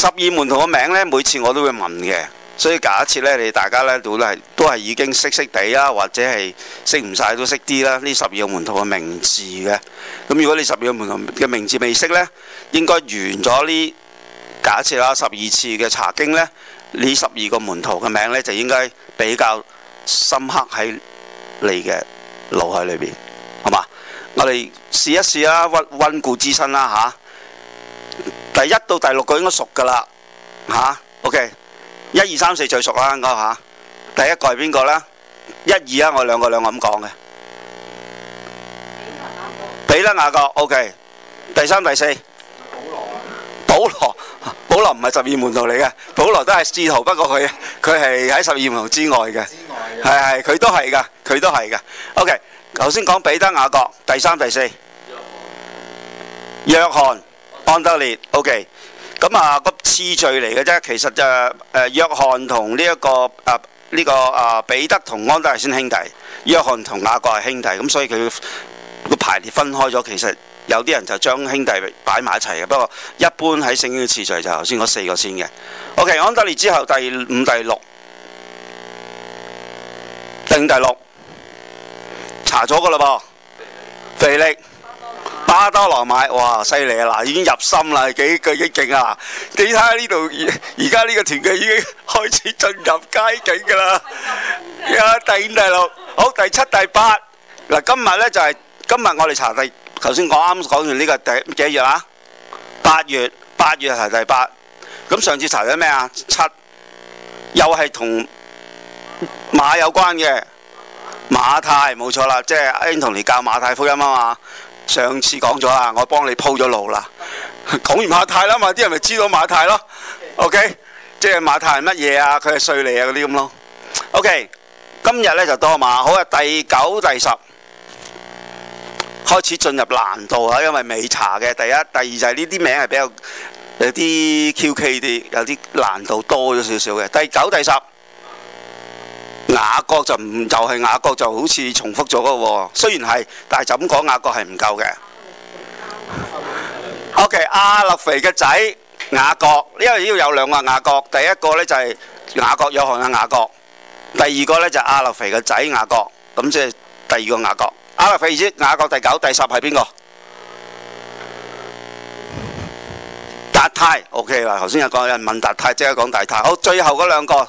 十二門徒嘅名咧，每次我都會問嘅，所以假設咧，你大家咧都係都係已經識識地啦，或者係識唔晒都識啲啦。呢十二個門徒嘅名字嘅，咁如果你十二個門徒嘅名字未識呢，應該完咗呢假設啦十二次嘅查經呢，呢十二個門徒嘅名呢，就應該比較深刻喺你嘅腦海裏邊，好嘛？我哋試一試啦，溫温故知新啦嚇。第一到第六個應該熟噶啦，吓，OK，一二三四最熟啦，應該吓。第一個係邊個咧？一二啊，我兩個兩個咁講嘅。彼得、雅各，OK，第三、第四。保羅啊嘛。保羅，保羅唔係十二門徒嚟嘅，保羅都係使徒，不過佢佢係喺十二門徒之外嘅。之外啊。係係，佢都係噶，佢都係噶。OK，頭先講彼得、雅各，第三、第四。約翰。安德烈，OK，咁啊、那個次序嚟嘅啫，其實就誒、呃、約翰同呢一個啊呢、呃這個啊、呃、彼得同安德烈先兄弟，約翰同雅各係兄弟，咁所以佢、那個排列分開咗。其實有啲人就將兄弟擺埋一齊嘅，不過一般喺聖經嘅次序就頭先嗰四個先嘅。OK，安德烈之後第五、第六、第五、第六查咗嘅啦噃，腓力。巴多羅買，哇，犀利啊！嗱，已經入心啦，幾幾幾勁啊！你睇下呢度而而家，呢個團隊已經開始進入佳境噶啦。啊，第五第六，好，第七第八。嗱，今日咧就係今日我哋查第，頭先講啱講完呢個第幾月啊？八月，八月係第八。咁上次查咗咩啊？七，又係同馬有關嘅馬太，冇錯啦，即係阿英同你教馬太福音啊嘛。上次講咗啦，我幫你鋪咗路啦。講完馬太啦，咪啲人咪知道馬太咯。OK，即係馬太係乜嘢啊？佢係稅吏啊嗰啲咁咯。OK，今日咧就多馬好啊。第九、第十開始進入難度啊，因為未查嘅。第一、第二就係呢啲名係比較有啲 QK 啲，有啲難度多咗少少嘅。第九、第十。雅各就唔就係雅各就好似重複咗個喎，雖然係，但係就咁講雅各係唔夠嘅。O K，亞勒腓嘅仔雅各，呢個要有兩個雅各，第一個咧就係雅各約翰嘅雅各，第二個咧就係亞勒腓嘅仔雅各，咁即係第二個雅各。亞勒腓知雅各第九、第十係邊個？達太，O K 啦，頭先有講，有人問達太，即刻講達太，好，最後嗰兩個。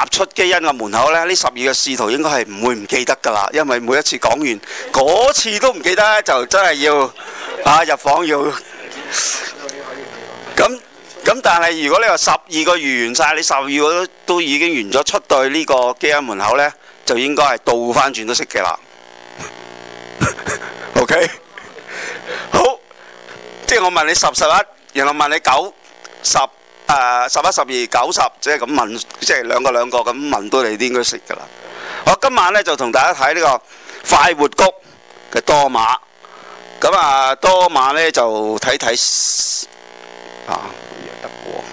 踏出基恩嘅門口呢，呢十二個使徒應該係唔會唔記得㗎喇，因為每一次講完嗰次都唔記得，就真係要啊入房要咁咁。但係如果你話十二個完晒，你十二個都已經完咗出到呢個基恩門口呢，就應該係倒返轉都識嘅啦。OK，好，即係我問你十十一，然後問你九十。誒，十一、十二、九十，即係咁問，即係兩個兩個咁問到你都應該識噶啦。好，今晚咧就同大家睇呢個快活谷嘅多馬，咁啊多馬咧就睇睇啊，得過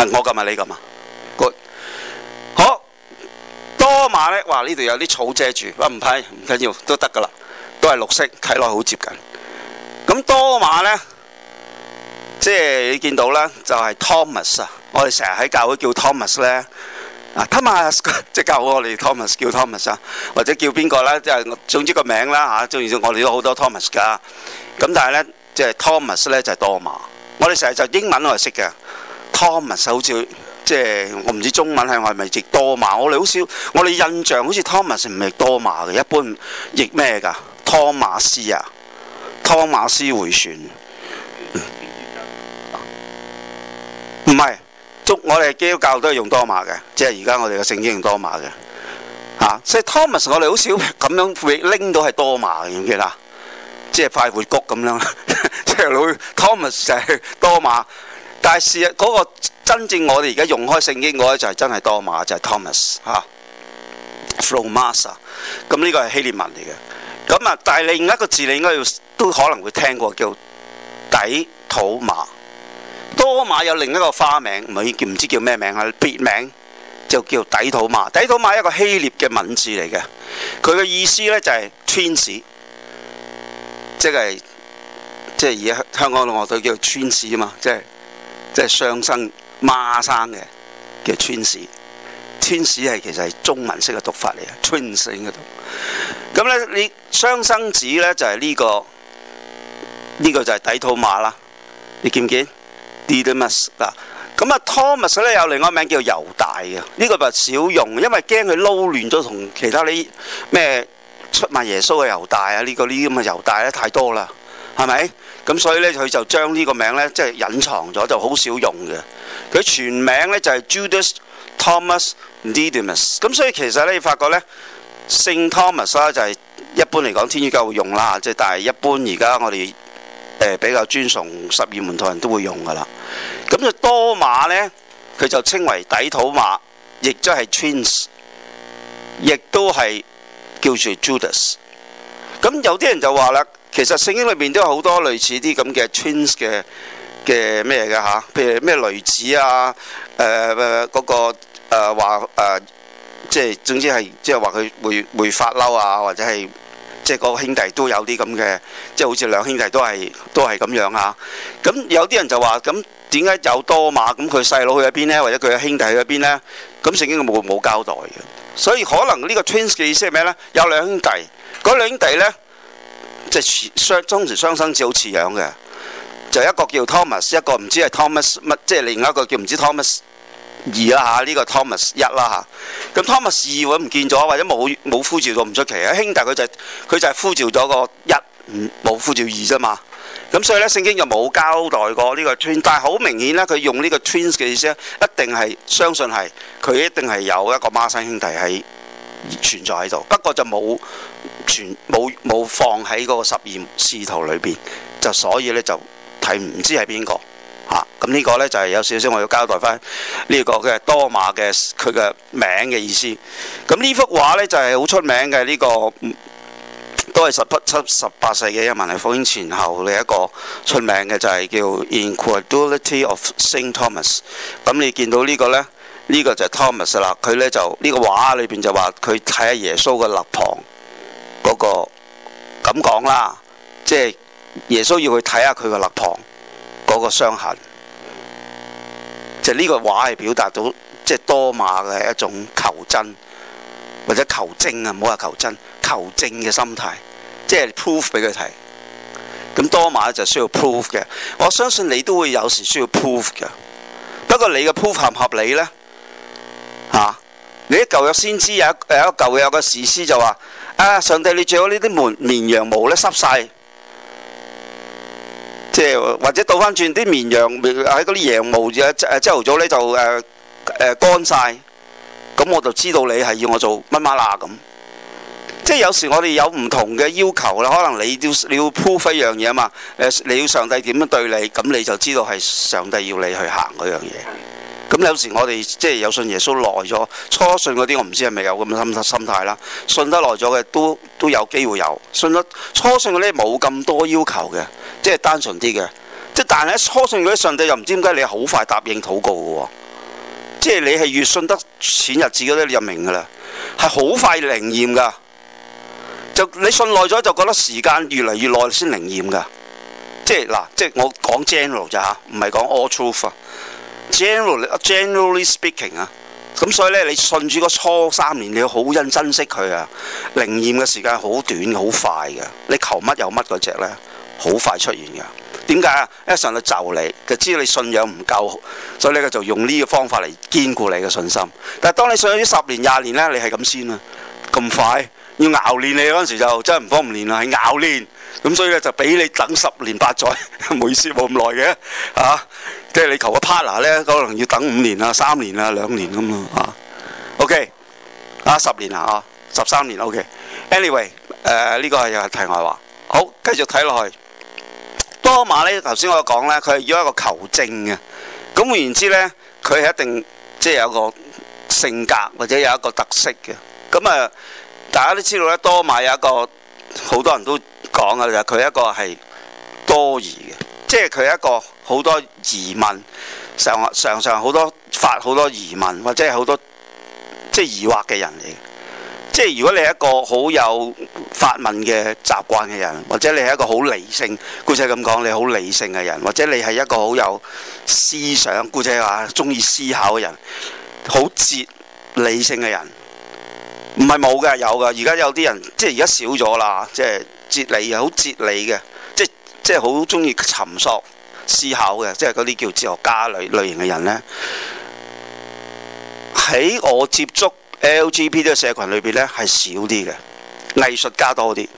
誒，我咁啊，你咁啊。多馬咧，哇呢度有啲草遮住，唔係唔緊要，都得噶啦，都係綠色，睇落好接近。咁多馬咧，即係你見到啦，就係、是、Thomas 啊，我哋成日喺教會叫 Thomas 咧，啊 Thomas 即係教會我哋 Thomas 叫 Thomas 啊，或者叫邊個咧，即係總之個名啦吓、啊，總之我哋都好多 Thomas 噶。咁但係咧，即係 Thomas 咧就係、是、多馬，我哋成日就英文我哋識嘅 Thomas，好似。即係我唔知中文係咪咪譯多馬，我哋好少，我哋印象好似 Thomas 唔係多馬嘅，一般譯咩㗎？Thomas 啊，Thomas 迴旋，唔係，祝 我哋基督教都係用多馬嘅，即係而家我哋嘅聖經用多馬嘅，嚇、啊，所以即係 Thomas 我哋好少咁樣拎到係多馬嘅，唔記得啊？即係快活谷咁樣， 即係老 Thomas 就係多馬，但係事實嗰個。真正我哋而家用開聖經嘅咧，就係真係多馬，就係、是、Thomas 嚇、啊、f l o m a s a、啊、咁呢個係希臘文嚟嘅。咁啊，但係另一個字你應該要都可能會聽過，叫底土馬。多馬有另一個花名，唔係叫唔知叫咩名啊？別名就叫底土馬。底土馬一個希臘嘅文字嚟嘅，佢嘅意思咧就係 Twins，即係即係而家香港樂隊都叫 Twins 啊嘛，即係即係雙生。就是孖生嘅嘅 twins，twins 係其實係中文式嘅讀法嚟啊，twins 嗰度。咁咧，你雙生子咧就係、是、呢、這個，呢、這個就係低土馬啦。你見唔見？Didymus 嗱，咁啊，Thomas 咧有另外一個名叫猶大嘅，呢、這個就少用，因為驚佢撈亂咗同其他啲咩出賣耶穌嘅猶大啊，呢、這個啲咁嘅猶大咧太多啦，係咪？咁所以咧，佢就將呢個名咧，即係隱藏咗，就好少用嘅。佢全名咧就係、是、Judas Thomas Didymus。咁所以其實咧，你發覺咧，聖 Thomas、啊、就係、是、一般嚟講天主教會用啦，即係但係一般而家我哋誒、呃、比較尊崇十二門徒人都會用㗎啦。咁就多馬咧，佢就稱為底土馬，亦即係 Twins，亦都係叫做 Judas。咁有啲人就話啦。其實聖經裏面都有好多類似啲咁嘅 twins 嘅嘅咩嘅吓，譬如咩雷子啊，誒誒嗰個誒話、呃啊呃、即係總之係即係話佢會會發嬲啊，或者係即係嗰個兄弟都有啲咁嘅，即係好似兩兄弟都係都係咁樣啊。咁有啲人就話咁點解有多馬？咁佢細佬去咗邊咧，或者佢嘅兄弟去咗邊咧？咁聖經冇冇交代嘅，所以可能呢個 twins 嘅意思係咩咧？有兩兄弟，嗰、那個、兩兄弟咧。即係雙，當雙生子好似樣嘅，就一個叫 Thomas，一個唔知係 Thomas 乜，即係另一個叫唔知 Thomas 二啦、啊、嚇，呢、這個 Thomas 一啦、啊、嚇。咁 Thomas 二佢唔見咗，或者冇冇呼召到唔出奇。兄弟佢就係、是、佢就係呼召咗個一，冇呼召二啫嘛。咁、啊、所以咧，聖經就冇交代過呢個 twins，但係好明顯咧，佢用呢個 twins 嘅意思咧，一定係相信係佢一定係有一個孖生兄弟喺存在喺度，不過就冇。全冇冇放喺嗰個十二使徒裏邊，就所以咧就睇唔知係邊、啊、個嚇，咁呢個咧就係、是、有少少我要交代翻呢個嘅多馬嘅佢嘅名嘅意思。咁呢幅畫咧就係、是、好出名嘅呢、這個，都係十七十八世紀文藝復興前後嘅一個出名嘅就係、是、叫《Incredulity of Saint Thomas》。咁你見到個呢個咧，呢、這個就係 Thomas 啦。佢咧就呢、這個畫裏邊就話佢睇下耶穌嘅肋旁。嗰個咁講啦，即係耶穌要去睇下佢個肋旁嗰個傷痕，就呢個話係表達到即係多馬嘅一種求真或者求精啊，唔好話求真求證嘅心態，即係 p r o o f 俾佢睇。咁多馬就需要 p r o o f 嘅，我相信你都會有時需要 p r o o f 嘅。不過你嘅 p r o o f 合唔合理咧？嚇、啊，你一舊約先知有一個舊有一舊約嘅士師就話。啊！上帝，你著好呢啲毛綿羊毛咧，濕晒，即係或者倒翻轉啲綿羊喺嗰啲羊毛朝朝頭早咧就誒誒、呃呃、乾晒。咁我就知道你係要我做乜乜啦咁。即係有時我哋有唔同嘅要求啦，可能你要你要 prove 翻樣嘢啊嘛，誒你，你要上帝點樣對你，咁你就知道係上帝要你去行嗰樣嘢。咁有時我哋即係有信耶穌耐咗，初信嗰啲我唔知係咪有咁心態啦。信得耐咗嘅都都有機會有。信得初信嗰啲冇咁多要求嘅，即係單純啲嘅。即係但係喺初信嗰啲，上帝又唔知點解你好快答應禱告嘅喎、啊。即係你係越信得淺日子嗰啲，你就明噶啦，係好快靈驗噶。就你信耐咗，就覺得時間越嚟越耐先靈驗噶。即係嗱，即係我講 general 啫嚇，唔係講 all truth。Generally, generally speaking 啊，咁所以咧，你信住個初三年，你要好恩珍惜佢啊。靈驗嘅時間好短，好快嘅。你求乜有乜嗰隻咧，好快出現嘅。點解啊？一上嚟就你就知道你信仰唔夠，所以咧就用呢個方法嚟堅固你嘅信心。但係當你信咗十年、廿年咧，你係咁先啊，咁快。要熬練你嗰陣時就真係唔方唔練啦，係熬練咁，所以咧就俾你等十年八載，唔好意思冇咁耐嘅嚇。即係、啊、你求個 partner 咧，可能要等五年啦、啊、三年啦、啊、兩年咁啊，啊。OK，啊十年啊，嚇、啊、十三年。OK，anyway，、okay，誒、呃、呢、這個係又係題外話。好，繼續睇落去。多馬咧，頭先我講咧，佢係要一個求證嘅。咁換言之咧，佢係一定即係有一個性格或者有一個特色嘅。咁啊～大家都知道咧，多馬有一個好多人都講嘅，就佢一個係多疑嘅，即係佢一個好多疑問常常上好多發好多疑問或者好多即係疑惑嘅人嚟嘅。即係如果你係一個好有發問嘅習慣嘅人，或者你係一個好理性，姑且咁講你好理性嘅人，或者你係一個好有思想，姑且話鍾意思考嘅人，好哲理性嘅人。唔係冇嘅，有㗎。而家有啲人即係而家少咗啦，即係哲理又好哲理嘅，即係即係好中意沉索思考嘅，即係嗰啲叫哲學家類類型嘅人咧。喺我接觸 LGP 嘅社群裏邊咧，係少啲嘅，藝術家多啲，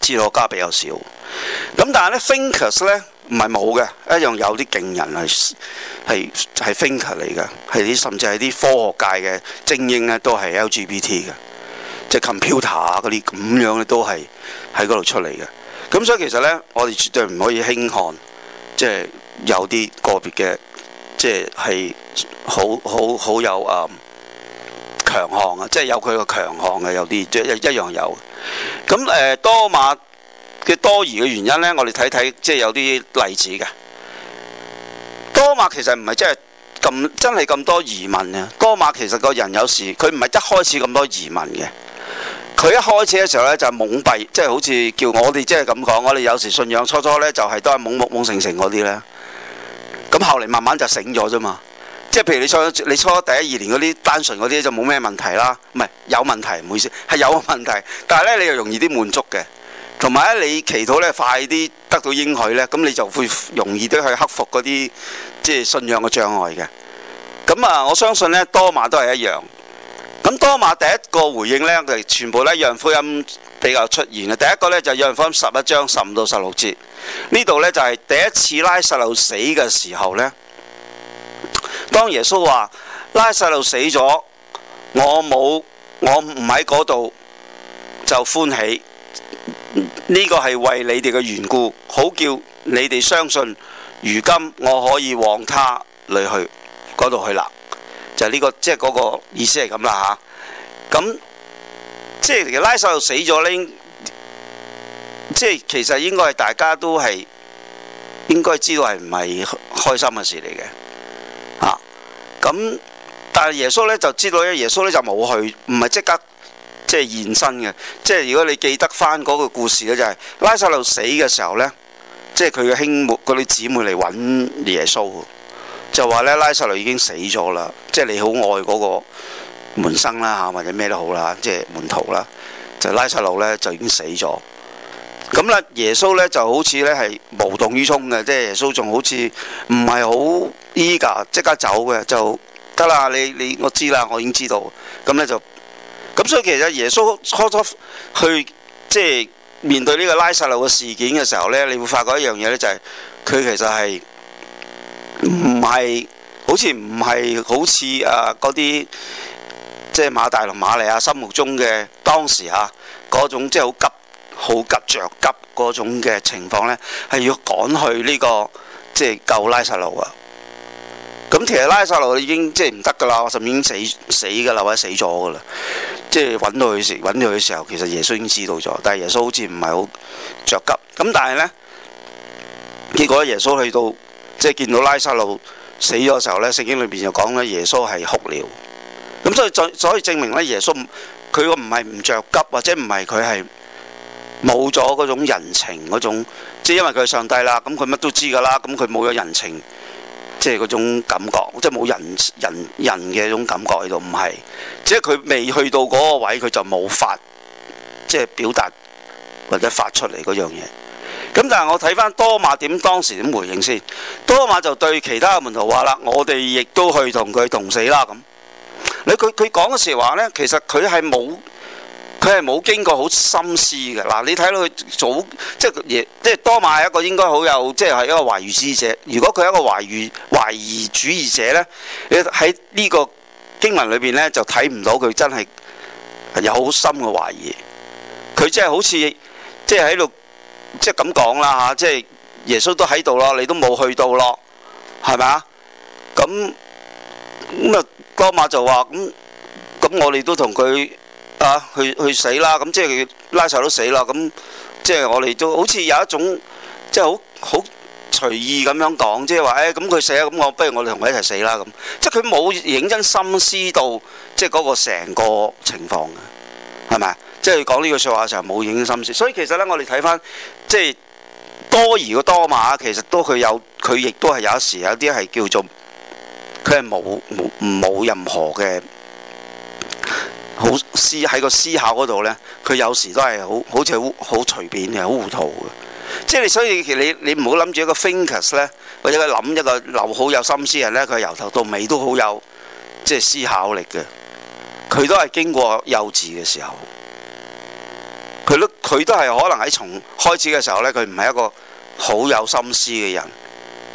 哲學家比較少。咁但係咧，thinkers 咧。 Think 唔係冇嘅，一樣有啲勁人係係係 thinker 嚟嘅，係啲甚至係啲科學界嘅精英咧，都係 LGBT 嘅，即係 computer 啊嗰啲咁樣咧，都係喺嗰度出嚟嘅。咁所以其實咧，我哋絕對唔可以輕看，即係有啲個別嘅，即係係好好好有誒強項啊！即係有佢個強項嘅，有啲即係一樣有。咁誒多馬。多疑嘅原因呢，我哋睇睇即係有啲例子嘅。多馬其實唔係真係咁真係咁多疑問嘅。多馬其實個人有時佢唔係一開始咁多疑問嘅。佢一開始嘅時候呢，就係懵閉，即係好似叫我哋即係咁講，我哋有時信仰初初呢，就係都係懵懵懵成成嗰啲呢。咁後嚟慢慢就醒咗啫嘛。即係譬如你初你初第一二年嗰啲單純嗰啲就冇咩問題啦。唔係有問題，唔好意思係有問題，但係呢，你又容易啲滿足嘅。同埋你祈禱咧，快啲得到應許呢，咁你就會容易啲去克服嗰啲即係信仰嘅障礙嘅。咁啊，我相信呢，多馬都係一樣。咁多馬第一個回應呢，佢全部呢，約翰福音比較出現嘅第一個呢，就係約翰福音十一章十五到十六節。呢度呢，就係第一次拉撒路死嘅時候呢。當耶穌話拉撒路死咗，我冇我唔喺嗰度就歡喜。呢個係為你哋嘅緣故，好叫你哋相信，如今我可以往他裏去嗰度去啦。就呢個即係嗰個意思係咁啦吓。咁即係拉撒路死咗呢？即係其實應該係大家都係應該知道係唔係開心嘅事嚟嘅吓，咁、啊、但係耶穌呢就知道咧，耶穌呢就冇去，唔係即刻。即係現身嘅，即係如果你記得翻嗰個故事咧，就係、是、拉撒路死嘅時候咧，即係佢嘅兄妹嗰啲姊妹嚟揾耶穌，就話咧拉撒路已經死咗啦，即係你好愛嗰個門生啦嚇，或者咩都好啦，即係門徒啦，就拉撒路咧就已經死咗，咁咧耶穌咧就好似咧係無動於衷嘅，即係耶穌仲好似唔係好依家即刻走嘅就得啦，你你我知啦，我已經知道，咁咧就。咁所以其實耶穌初初去即係、就是、面對呢個拉撒路嘅事件嘅時候呢，你會發覺一樣嘢呢，就係佢其實係唔係好似唔係好似誒嗰啲即係馬大同馬利亞心目中嘅當時嚇、啊、嗰種即係好急好急着急嗰種嘅情況呢，係要趕去呢、這個即係、就是、救拉撒路啊！咁其實拉撒路已經即係唔得㗎啦，甚至已經死死㗎啦，或者死咗㗎啦。即係揾到佢時，揾到佢嘅時候，其實耶穌已經知道咗，但係耶穌好似唔係好着急。咁但係呢結果耶穌去到即係見到拉撒路死咗嘅時候咧，聖經裏邊就講咧，耶穌係哭了。咁所以所以證明咧，耶穌佢個唔係唔着急，或者唔係佢係冇咗嗰種人情嗰種，即係因為佢係上帝啦，咁佢乜都知㗎啦，咁佢冇咗人情。即係嗰種感覺，即係冇人人人嘅一種感覺喺度，唔係。即係佢未去到嗰個位，佢就冇法即係表達或者發出嚟嗰樣嘢。咁但係我睇翻多馬點當時點回應先，多馬就對其他嘅門徒話啦，我哋亦都去同佢同死啦咁。你佢佢講嘅時話呢，其實佢係冇。佢係冇經過好深思嘅。嗱，你睇到佢早即係即係多馬一個應該好有即係係一個懷疑，一個懷疑，懷疑主義者。如果佢係一個懷疑懷疑主義者咧，你喺呢個經文裏邊咧就睇唔到佢真係有好深嘅懷疑。佢即係好似即係喺度即係咁講啦吓，即係，啊，耶穌都喺度咯，你都冇去到咯，係咪啊？咁咁啊，多馬就話咁咁，我哋都同佢。啊！去去死啦！咁、嗯、即係佢拉曬都死啦！咁、嗯、即係我哋都好似有一種即係好好隨意咁樣講，即係話誒咁佢死咁、嗯，我不如我哋同佢一齊死啦！咁、嗯、即係佢冇認真深思到即係嗰個成個情況嘅，係咪啊？即係佢講呢句説話嘅時候冇認真心思。所以其實咧，我哋睇翻即係多疑嘅多馬，其實都佢有，佢亦都係有一時有啲係叫做佢係冇冇任何嘅。好思喺個思考嗰度呢，佢有時都係好好似好隨便嘅，好糊塗嘅。即係你所以其實你你唔好諗住一個 thinkers 呢，或者佢諗一個留好有心思嘅人呢，佢由頭到尾都好有即係思考力嘅。佢都係經過幼稚嘅時候，佢都佢都係可能喺從開始嘅時候呢，佢唔係一個好有心思嘅人，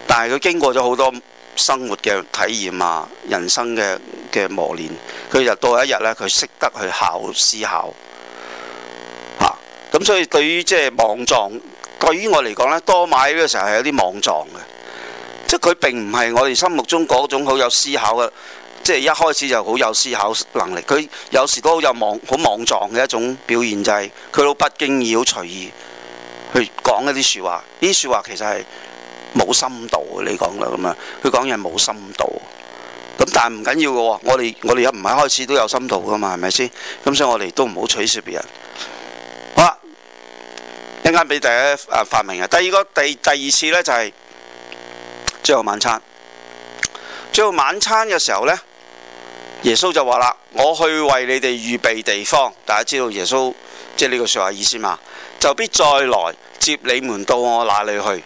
但係佢經過咗好多生活嘅體驗啊，人生嘅嘅磨練，佢就到一日呢，佢識得去考思考嚇。咁、啊、所以對於即係莽撞，對於我嚟講呢，多馬呢個時候係有啲莽撞嘅，即係佢並唔係我哋心目中嗰種好有思考嘅，即係一開始就好有思考能力。佢有時都好有莽好莽撞嘅一種表現，就係佢都不經意、好隨意去講一啲説話。呢啲説話其實係冇深度，你講嘅咁樣！佢講嘢冇深度，咁但係唔緊要嘅喎。我哋我哋又唔係一開始都有深度嘅嘛，係咪先？咁所以我哋都唔好取笑別人。好啦，一間俾大家啊發明啊。第二個第第二次呢就係、是、最後晚餐。最後晚餐嘅時候呢，耶穌就話啦：我去為你哋預備地方。大家知道耶穌即係呢個説話意思嘛？就必再來接你們到我那裡去。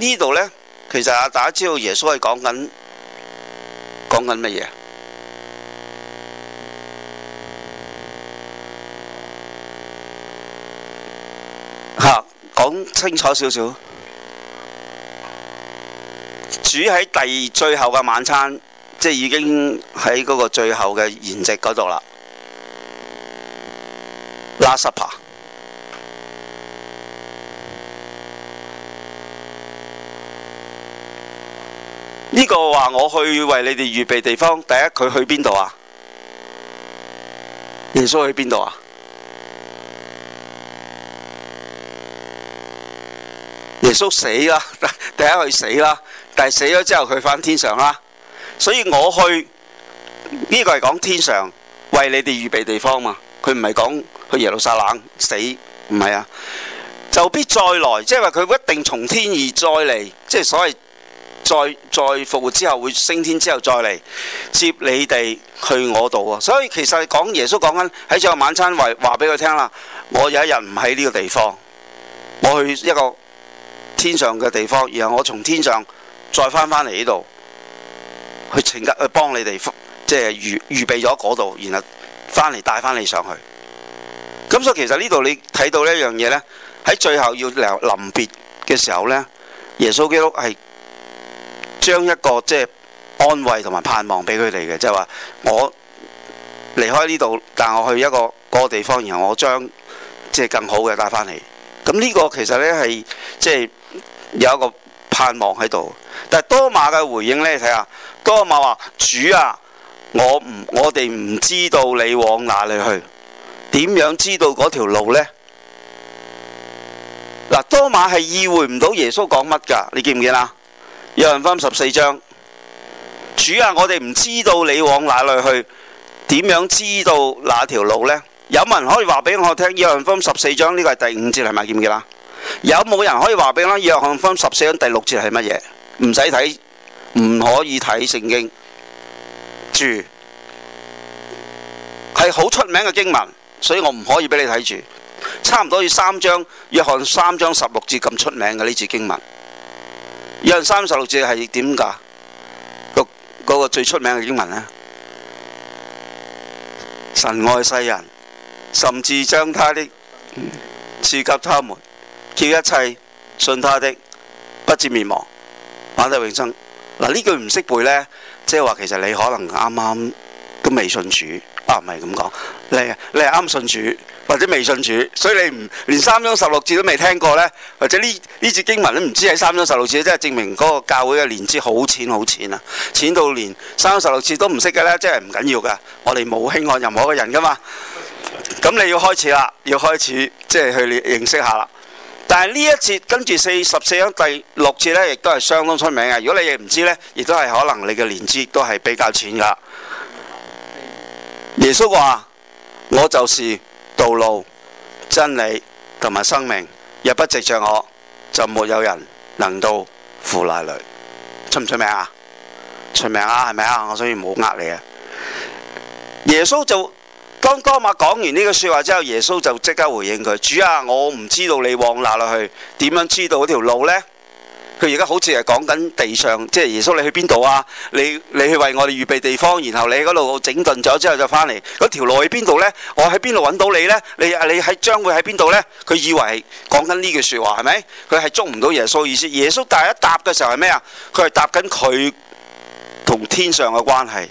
呢度呢，其實啊，大家知道耶穌係講緊講緊乜嘢啊？嚇，講清楚少少。主喺第最後嘅晚餐，即係已經喺嗰個最後嘅筵席嗰度啦。Last Supper。呢個話，我去為你哋預備地方，第一佢去邊度啊？耶穌去邊度啊？耶穌死啦，第一佢死啦，但係死咗之後佢翻天上啦，所以我去呢個係講天上為你哋預備地方嘛。佢唔係講去耶路撒冷死，唔係啊，就必再來，即係話佢一定從天而再嚟，即係所謂。再再復活之後，會升天之後再嚟接你哋去我度啊！所以其實講耶穌講緊喺最後晚餐，話話俾佢聽啦。我有一日唔喺呢個地方，我去一個天上嘅地方，然後我從天上再返返嚟呢度去請嘅去幫你哋，即係預預備咗嗰度，然後返嚟帶返你上去。咁所以其實呢度你睇到一樣嘢呢，喺最後要臨別嘅時候呢，耶穌基督係。將一個即係安慰同埋盼望俾佢哋嘅，即係話我離開呢度，但我去一個嗰個地方，然後我將即係更好嘅帶返嚟。咁、這、呢個其實呢係即係有一個盼望喺度。但係多馬嘅回應呢，你睇下多馬話：主啊，我唔我哋唔知道你往哪裏去，點樣知道嗰條路呢？」嗱，多馬係意會唔到耶穌講乜㗎？你見唔見啊？約翰十四章，主啊，我哋唔知道你往哪裏去，點樣知道哪條路呢？有冇人可以話俾我聽？約翰十四章呢、這個係第五節係咪？記唔記得？有冇人可以話俾我聽？約翰十四章第六節係乜嘢？唔使睇，唔可以睇聖經。住係好出名嘅經文，所以我唔可以俾你睇住。差唔多要三章，約翰三章十六節咁出名嘅呢節經文。約三十六字係點噶？個、那、嗰個最出名嘅經文呢：「神愛世人，甚至將他的賜給他們，叫一切信他的不至滅亡，反得永生。」嗱呢句唔識背呢，即係話其實你可能啱啱都未信主啊，唔係咁講，你你係啱信主。或者未信主，所以你唔連三章十六節都未聽過呢？或者呢呢節經文你唔知喺三章十六節，即係證明嗰個教會嘅年資好淺好淺啊！淺到連三章十六節都唔識嘅呢，即係唔緊要噶。我哋冇輕看任何嘅人噶嘛。咁你要開始啦，要開始即係去認識下啦。但係呢一節跟住四十四章第六節呢，亦都係相當出名嘅。如果你亦唔知呢，亦都係可能你嘅年資都係比較淺噶。耶穌話：我就是。道路、真理同埋生命，若不藉著我，就沒有人能到父那裏。出唔出名啊？出名啊？係咪啊？我所以唔好呃你啊！耶穌就當多馬講完呢個說話之後，耶穌就即刻回應佢：主啊，我唔知道你往哪裏去，點樣知道嗰條路咧？佢而家好似係講緊地上，即係耶穌，你去邊度啊？你你去為我哋預備地方，然後你嗰度整頓咗之後就翻嚟。嗰條路去邊度呢？我喺邊度揾到你呢？你你喺將會喺邊度呢？佢以為係講緊呢句説話係咪？佢係捉唔到耶穌意思。耶穌第一答嘅時候係咩啊？佢係答緊佢同天上嘅關係，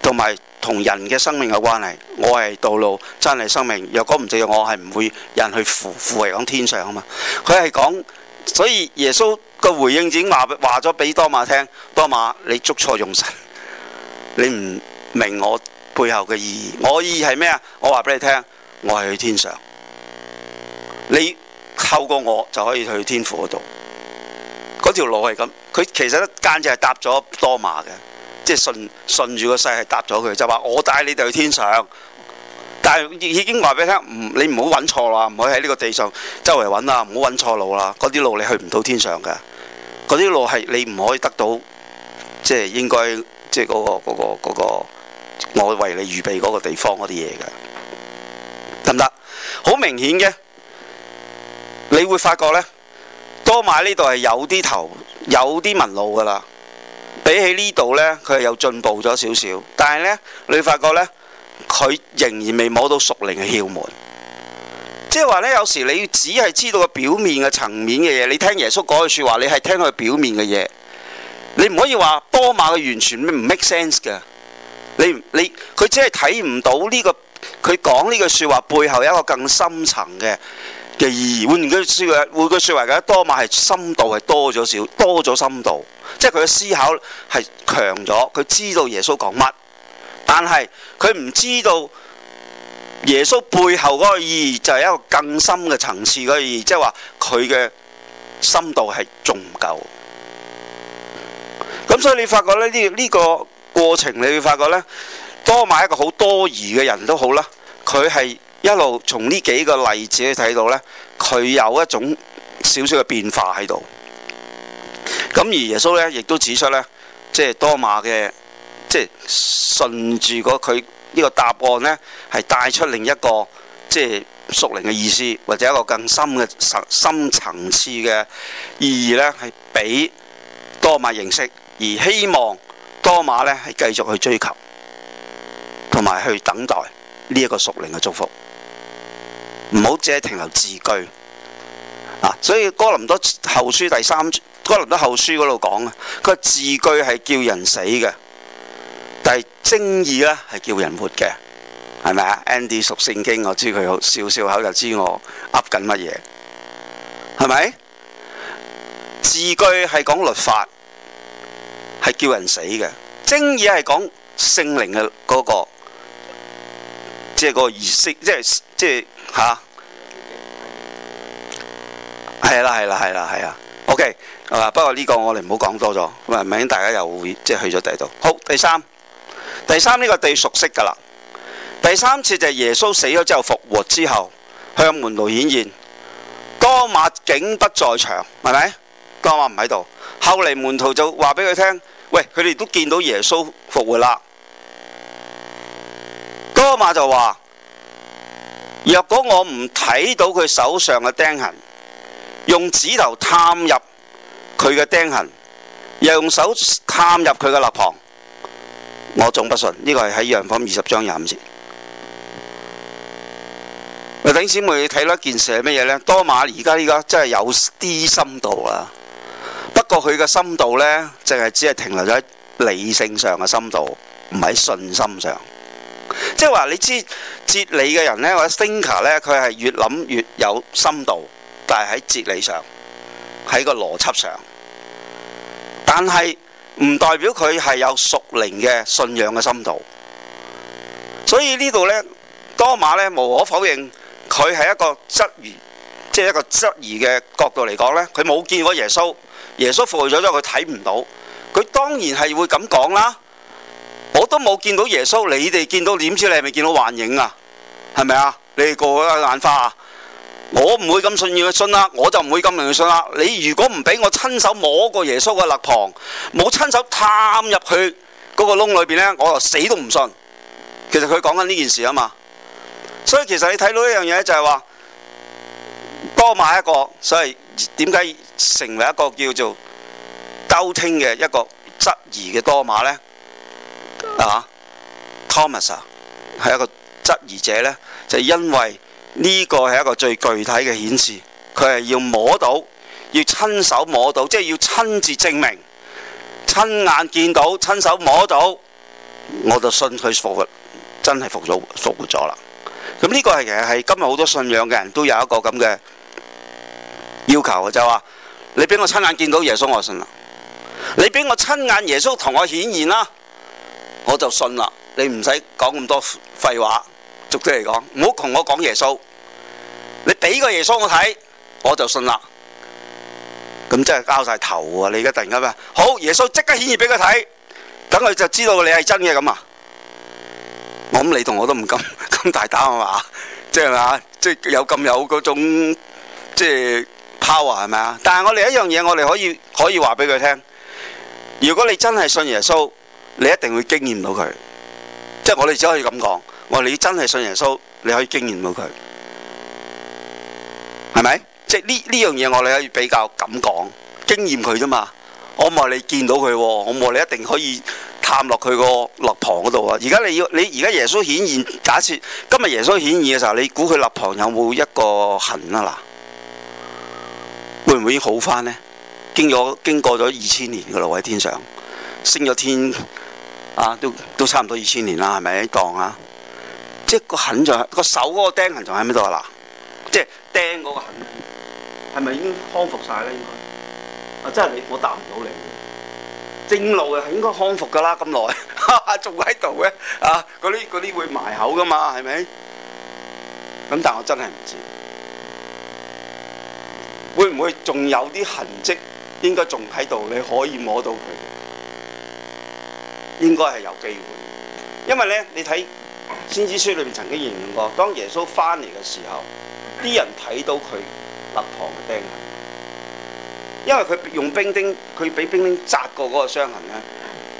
同埋同人嘅生命嘅關係。我係道路，真理生命。若果唔正確，我係唔會有人去扶扶為講天上啊嘛。佢係講，所以耶穌。個回應已經話話咗俾多馬聽，多馬你捉錯用神，你唔明我背後嘅意義。我意義係咩啊？我話俾你聽，我係去天上，你透過我就可以去天父嗰度。嗰條路係咁，佢其實咧間接係搭咗多馬嘅，即係順順住個勢係搭咗佢，就話我帶你哋去天上。但係已經話俾你聽，唔你唔好揾錯啦，唔好喺呢個地上周圍揾啦，唔好揾錯路啦。嗰啲路你去唔到天上嘅。嗰啲路係你唔可以得到，即係應該，即係嗰個，嗰個，嗰個，我為你預備嗰個地方嗰啲嘢嘅，得唔得？好明顯嘅，你會發覺呢，多馬呢度係有啲頭，有啲紋路㗎啦。比起呢度呢，佢係有進步咗少少，但係呢，你會發覺呢，佢仍然未摸到屬靈嘅竅門。即係話咧，有時你只係知道個表面嘅層面嘅嘢，你聽耶穌講句説話，你係聽佢表面嘅嘢。你唔可以話多馬嘅完全唔 make sense 嘅。你你佢只係睇唔到呢個佢講呢句説話背後有一個更深層嘅嘅意義。換句説話，換句説話嘅多馬係深度係多咗少，多咗深度，即係佢嘅思考係強咗。佢知道耶穌講乜，但係佢唔知道。耶穌背後嗰個意義就係一個更深嘅層次個意義，即係話佢嘅深度係仲唔夠。咁所以你發覺咧呢呢個過程，你會發覺咧多馬一個好多疑嘅人都好啦，佢係一路從呢幾個例子去睇到咧，佢有一種少少嘅變化喺度。咁而耶穌咧亦都指出咧，即係多馬嘅即係順住嗰佢。呢個答案呢，係帶出另一個即係屬靈嘅意思，或者一個更深嘅深層次嘅意義呢，係俾多馬認識，而希望多馬呢係繼續去追求同埋去等待呢一個屬靈嘅祝福，唔好只係停留字句啊！所以哥林多後書第三，哥林多後書嗰度講啊，個字句係叫人死嘅。但係精義咧，係叫人活嘅，係咪啊？Andy 熟聖經，我知佢好笑笑口就知我噏緊乜嘢，係咪，字句係講律法，係叫人死嘅；精義係講聖靈嘅嗰個，即係個儀式，即係即係嚇，係啦，係啦，係啦，係啊。OK 啊，不過呢個我哋唔好講多咗，唔係，明大家又會即係去咗第二度。好，第三。第三呢，這個地熟悉噶啦，第三次就係耶穌死咗之後復活之後向門徒顯現，多馬竟不在場，係咪？多馬唔喺度，後嚟門徒就話俾佢聽，喂，佢哋都見到耶穌復活啦。多馬就話，若果我唔睇到佢手上嘅釘痕，用指頭探入佢嘅釘痕，又用手探入佢嘅肋旁。我仲不信呢、這個係喺洋房二十章廿五節。咪頂先，咪睇到一件事係乜嘢呢？多馬而家而家真係有啲深度啦。不過佢嘅深度呢，淨係只係停留咗喺理性上嘅深度，唔喺信心上。即係話你知哲理嘅人呢，或者 thinker 呢，佢係越諗越有深度，但係喺哲理上，喺個邏輯上，但係。唔代表佢係有屬靈嘅信仰嘅深度，所以呢度呢，多馬呢，無可否認，佢係一個質疑，即係一個質疑嘅角度嚟講呢，佢冇見過耶穌，耶穌復活咗之後佢睇唔到，佢當然係會咁講啦。我都冇見到耶穌，你哋見到，點知你係咪見到幻影啊？係咪啊？你哋個個眼花啊？我唔會咁信要嘅，信啦，我就唔會咁容易信啦。你如果唔俾我親手摸過耶穌嘅肋旁，冇親手探入去嗰個窿裏邊呢，我就死都唔信。其實佢講緊呢件事啊嘛，所以其實你睇到一樣嘢就係話多馬一個，所以點解成為一個叫做交聽嘅一個質疑嘅多馬呢 Thomas 啊，Thomas 係一個質疑者呢，就係、因為。呢個係一個最具體嘅顯示，佢係要摸到，要親手摸到，即係要親自證明、親眼見到、親手摸到，我就信佢復活，真係復咗復活咗啦。咁呢個係其實係今日好多信仰嘅人都有一個咁嘅要求，就係話你俾我親眼見到耶穌，我信啦；你俾我親眼耶穌同我顯現啦，我就信啦。你唔使講咁多廢話。俗啲嚟講，唔好同我講耶穌。你俾個耶穌我睇，我就信啦。咁真係交晒頭喎，啊！你而家突然間咩？好耶穌即刻顯現俾佢睇，等佢就知道你係真嘅咁啊。我諗你同我都唔敢咁大膽啊嘛，即係嘛，即係有咁有嗰種即係 power 係咪啊？但係我哋一樣嘢，我哋可以可以話俾佢聽：如果你真係信耶穌，你一定會經驗到佢。即係我哋只可以咁講。我你真係信耶穌，你可以經驗到佢係咪？即係呢呢樣嘢，我哋可以比較噉講經驗佢啫嘛。我唔話你見到佢，我唔話你一定可以探落佢個肋旁嗰度啊。而家你要你而家耶穌顯現，假設今日耶穌顯現嘅時候，你估佢肋旁有冇一個痕啊？嗱，會唔會已經好返呢？經咗經過咗二千年噶啦，喺天上升咗天啊，都都差唔多二千年啦，係咪當啊？即係個痕就係個手嗰個釘痕仲喺邊度啊？嗱，即係釘嗰個痕係咪已經康復晒咧？應該啊，真係你我答唔到你。正路啊，應該康復㗎啦，咁耐仲喺度嘅啊，嗰啲嗰啲會埋口㗎嘛，係咪？咁但我真係唔知，會唔會仲有啲痕跡應該仲喺度，你可以摸到佢，應該係有機會，因為咧你睇。先知書裏面曾經形容過，當耶穌翻嚟嘅時候，啲人睇到佢肋旁嘅釘痕，因為佢用冰釘，佢俾冰釘扎過嗰個傷痕咧。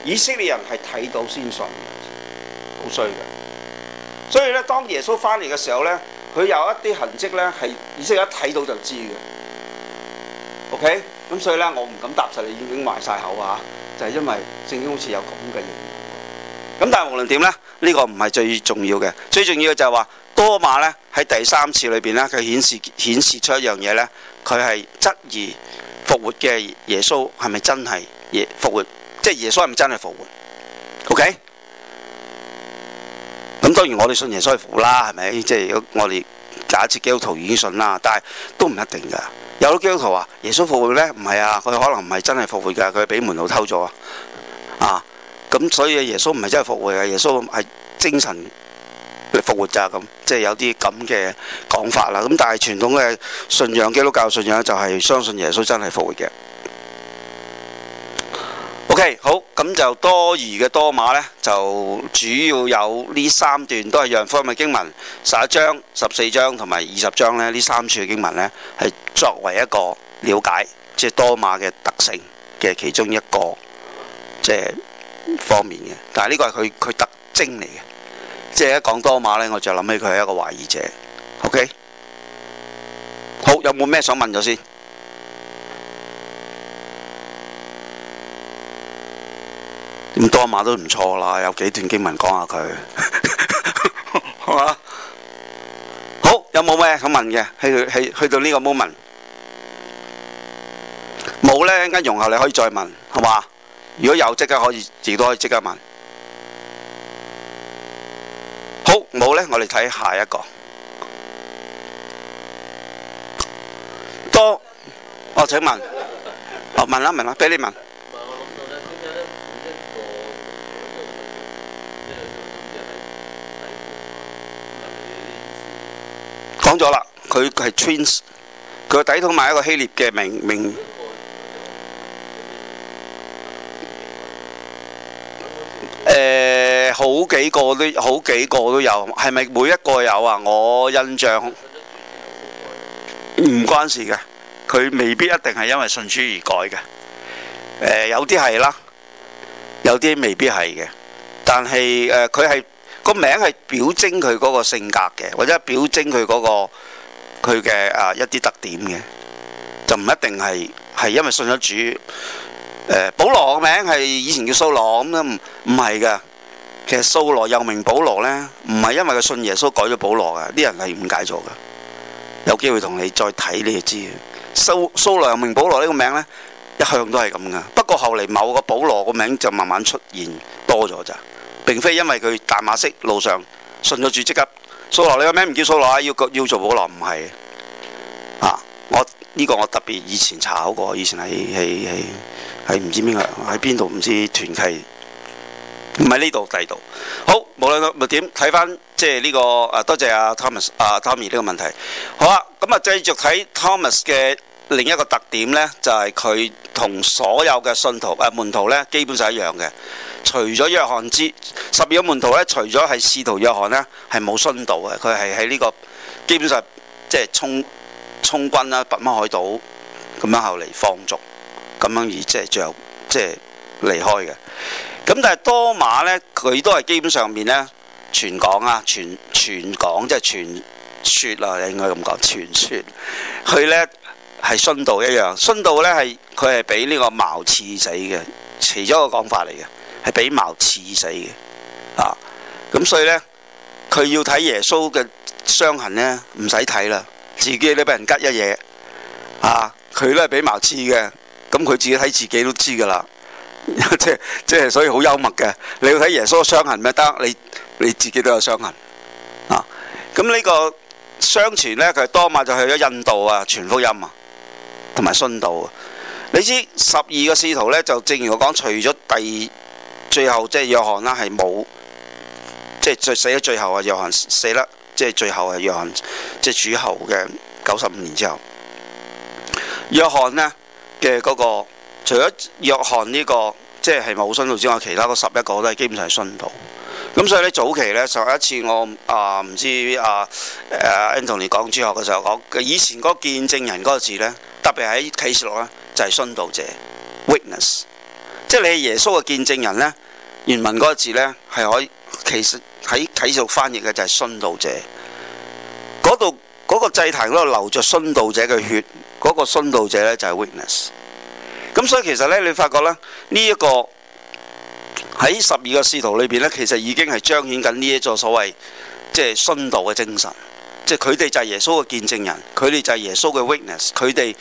以色列人係睇到先信嘅，好衰嘅。所以咧，當耶穌翻嚟嘅時候咧，佢有一啲痕跡咧係以色列一睇到就知嘅。OK，咁所以咧，我唔敢答實你，已經埋晒口啊，就係、是、因為聖經好似有咁嘅嘢。咁但係無論點咧，呢、這個唔係最重要嘅，最重要嘅就係、是、話多馬咧喺第三次裏邊咧，佢顯示顯示出一樣嘢咧，佢係質疑復活嘅耶穌係咪真係耶復活？即係耶穌係咪真係復活？OK？咁當然我哋信耶穌係復活啦，係咪？即、就、係、是、我哋假設基督徒已經信啦，但係都唔一定噶。有基督徒話耶穌復活咧，唔係啊，佢可能唔係真係復活噶，佢俾門徒偷咗啊。咁所以耶穌唔係真係復活嘅，耶穌係精神嘅復活咋，咁，即係有啲咁嘅講法啦。咁但係傳統嘅信仰基督教信仰咧，就係相信耶穌真係復活嘅。O K，好，咁就多疑嘅多馬咧，就主要有呢三段都係《約翰》嘅經文，十一章、十四章同埋二十章咧，呢三處嘅經文咧，係作為一個瞭解即係多馬嘅特性嘅其中一個即係。方面嘅，但係呢個係佢佢特徵嚟嘅，即係一講多馬呢，我就諗起佢係一個懷疑者。OK，好，有冇咩想問咗先？咁多馬都唔錯啦，有幾段經文講下佢好嘛？好，有冇咩想問嘅？喺喺去到呢個 moment 冇呢，一陣間容後你可以再問好嘛？如果有即刻可以，自己都可以即刻問。好，冇咧，我哋睇下一個多。我、哦、請問，哦，問啦，問啦、啊，俾、啊啊、你問。講咗啦，佢係 Twins，佢底套埋一個希臘嘅名名。名好幾個都好幾個都有，係咪每一個有啊？我印象唔關事嘅，佢未必一定係因為信主而改嘅。誒、呃，有啲係啦，有啲未必係嘅。但係誒，佢係個名係表徵佢嗰個性格嘅，或者表徵佢嗰、那個佢嘅啊一啲特點嘅，就唔一定係係因為信咗主。誒、呃，保羅個名係以前叫掃羅咁啦，唔係嘅。其實蘇羅又名保羅呢，唔係因為佢信耶穌改咗保羅啊，啲人係誤解咗噶。有機會同你再睇你就知。蘇蘇羅又名保羅呢個名呢，一向都係咁噶。不過後嚟某個保羅個名就慢慢出現多咗咋。並非因為佢大馬色路上信咗主，即刻，蘇羅你個名唔叫蘇羅啊，要要做保羅唔係啊。我呢、呢個我特別以前查好過，以前係係係唔知邊個喺邊度唔知團契。唔係呢度，第二度。好，無論點睇翻，即係呢、這個誒、啊，多謝阿、啊、Thomas、啊、阿 Tommy 呢個問題。好啦、啊，咁、嗯、啊，繼續睇 Thomas 嘅另一個特點咧，就係佢同所有嘅信徒誒、啊、門徒咧，基本上一樣嘅。除咗約翰之十二門徒咧，除咗係使徒約翰咧，係冇殉道嘅，佢係喺呢個基本上即係充充軍啦，拔摩海島咁樣後嚟放逐，咁樣而即係最後即係離開嘅。咁但係多馬呢，佢都係基本上面呢，全港啊，全傳講即係傳説啦，啊、你應該咁講傳説。佢呢係殉道一樣，殉道呢係佢係俾呢個矛刺死嘅，其中一個講法嚟嘅，係俾矛刺死嘅。咁、啊、所以呢，佢要睇耶穌嘅傷痕呢，唔使睇啦，自己都俾人吉一嘢啊，佢都係俾矛刺嘅，咁佢自己睇自己都知㗎啦。即即 所以好幽默嘅，你要睇耶穌傷痕咩得？你你自己都有傷痕啊！咁呢個相傳呢，佢實多馬就去咗印度啊，傳福音啊，同埋殉道。啊。你知十二個使徒呢，就正如我講，除咗第二最後即係、就是、約翰啦，係冇即係最死咗最後啊，約翰死啦，即、就、係、是、最後啊，約翰即係、就是、主後嘅九十五年之後，約翰呢嘅嗰、那個。除咗約翰呢、這個即係冇殉道之外，其他嗰十一個都係基本上係殉道。咁所以咧，早期咧，上一次我啊唔知啊誒，Anthony 講主學嘅時候，我以前嗰個見證人嗰個字咧，特別喺啟示錄咧，就係、是、殉道者 （witness）。即係你係耶穌嘅見證人咧，原文嗰個字咧係可以，其實喺啟示錄翻譯嘅就係殉道者。嗰度嗰個祭壇嗰度流着「殉道者嘅血，嗰、那個殉道者咧就係 witness。咁所以其實咧，你發覺咧，呢一個喺十二個使徒裏邊咧，其實已經係彰顯緊呢一座所謂即係殉道嘅精神，即係佢哋就係耶穌嘅見證人，佢哋就係耶穌嘅 witness。佢哋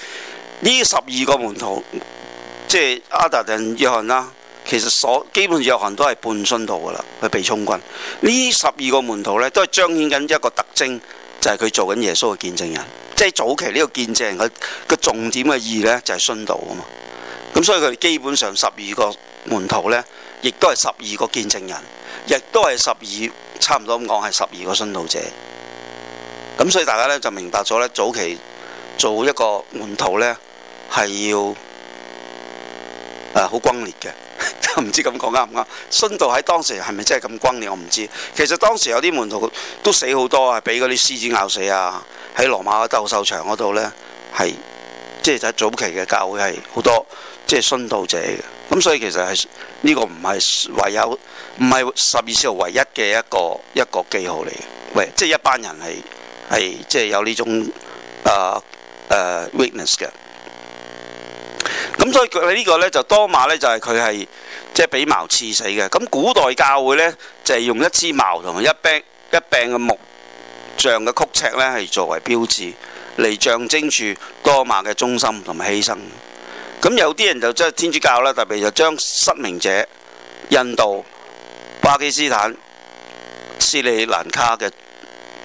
呢十二個門徒，即係阿達定約翰啦，其實所基本約翰都係半殉道噶啦，佢被充軍。呢十二個門徒咧，都係彰顯緊一個特徵，就係佢做緊耶穌嘅見證人。即係早期呢個見證人佢個重點嘅意義咧，就係殉道啊嘛。咁所以佢哋基本上十二個門徒呢，亦都係十二個見證人，亦都係十二，差唔多咁講係十二個殉道者。咁所以大家呢，就明白咗呢早期做一個門徒呢，係要啊，好轟烈嘅，唔 知咁講啱唔啱？殉道喺當時係咪真係咁轟烈我唔知。其實當時有啲門徒都死好多啊，俾嗰啲獅子咬死啊，喺羅馬嘅鬥獸場嗰度呢，係。即係早期嘅教會係好多即係殉道者嘅，咁所以其實係呢、這個唔係唯有唔係十二使徒唯一嘅一個一個記號嚟嘅，喂，即係一班人係係即係有呢種誒誒 witness 嘅，咁、呃呃、所以佢呢個咧就多馬咧就係佢係即係俾矛刺死嘅，咁古代教會咧就係、是、用一支矛同埋一柄一柄嘅木像嘅曲尺咧係作為標誌。嚟象徵住多馬嘅忠心同埋犧牲。咁有啲人就即係天主教啦，特別就將失明者、印度、巴基斯坦、斯里蘭卡嘅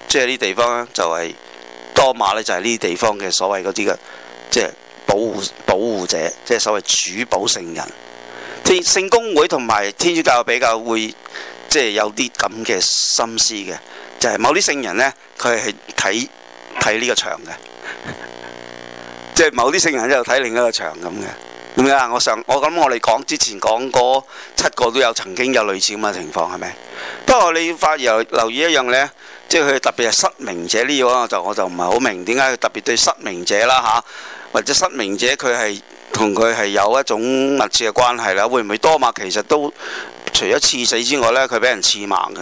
即係呢啲地方啦，就係多馬咧，就係呢啲地方嘅所謂嗰啲嘅即係保護保護者，即係所謂主保聖人。天聖公會同埋天主教比較會即係有啲咁嘅心思嘅，就係某啲聖人呢，佢係睇，睇呢個場嘅，即係某啲聖人就睇另一個場咁嘅，點解啊？我上我咁，我哋講之前講過七個都有曾經有類似咁嘅情況，係咪？不過你要發現留意一樣呢，即係佢特別係失明者呢樣，我就我就唔係好明點解佢特別對失明者啦嚇，啊，或者失明者佢係同佢係有一種密切嘅關係啦。會唔會多嘛？其實都除咗刺死之外呢，佢俾人刺盲嘅。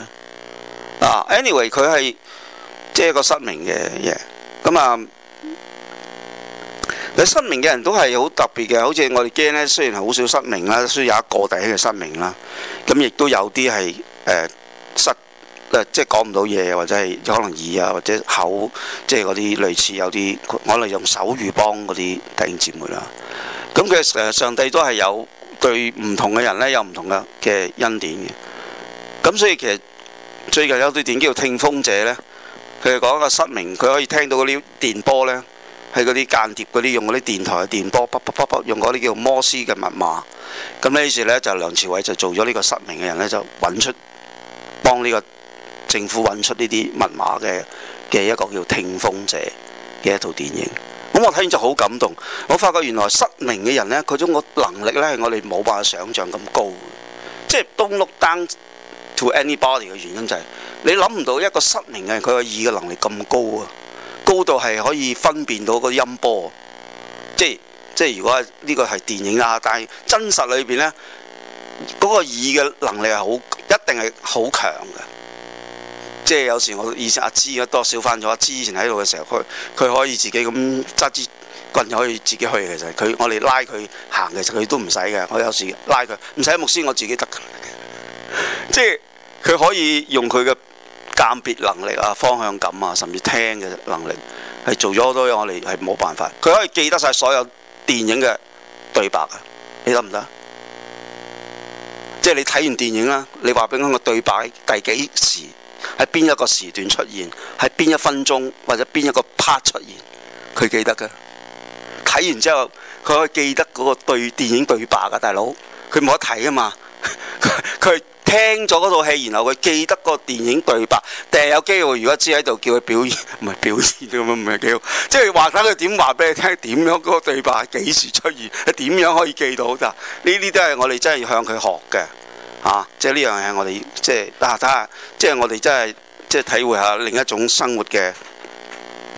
啊，Anyway 佢係。Anyway, 即係一個失明嘅嘢咁啊！你、嗯、失明嘅人都係好特別嘅，好似我哋驚咧。雖然好少失明啦，雖然有一個弟兄係失明啦，咁亦都有啲係誒失、呃、即係講唔到嘢，或者係可能耳啊，或者口，即係嗰啲類似有啲我哋用手語幫嗰啲弟兄姊妹啦。咁其實上帝都係有對唔同嘅人咧，有唔同嘅嘅恩典嘅。咁所以其實最近有啲電影叫聽風者咧。佢哋講個失明，佢可以聽到嗰啲電波呢，係嗰啲間諜嗰啲用嗰啲電台嘅電波，卜卜卜卜，用嗰啲叫摩斯嘅密碼。咁呢次呢，就是，梁朝偉就做咗呢個失明嘅人呢，就揾出幫呢個政府揾出呢啲密碼嘅嘅一個叫聽風者嘅一套電影。咁我睇完就好感動，我發覺原來失明嘅人呢，佢種個能力呢，係我哋冇辦法想像咁高即係燈落燈。就是 to anybody 嘅原因就係、是、你諗唔到一個失明嘅人佢個耳嘅能力咁高啊，高度係可以分辨到個音波，即係即係如果呢個係電影啊，但係真實裏邊呢，嗰、那個耳嘅能力係好，一定係好強嘅。即係有時我以前阿芝、啊、都多少翻咗，阿、啊、芝以前喺度嘅時候，佢佢可以自己咁揸支棍可以自己去。其實佢，我哋拉佢行，其實佢都唔使嘅。我有時拉佢唔使牧師我自己得。即係佢可以用佢嘅鑒別能力啊、方向感啊，甚至聽嘅能力，係做咗好多嘢，我哋係冇辦法。佢可以記得晒所有電影嘅對白啊，你得唔得？即係你睇完電影啦，你話俾佢聽個對白第幾時，喺邊一個時段出現，喺邊一分鐘或者邊一個 part 出現，佢記得㗎。睇完之後，佢可以記得嗰個對電影對白噶，大佬，佢冇得睇啊嘛。佢佢 聽咗套戲，然後佢記得個電影對白，定係有機會如果知喺度叫佢表演，唔 係表演咁、就是、樣，唔係幾好。即係話翻佢點話俾你聽，點樣嗰個對白，幾時出現，點樣可以記到。嗱，呢啲都係我哋真係要向佢學嘅，啊，即係呢樣嘢，我哋即係啊，睇下，即係我哋真係即係體會下另一種生活嘅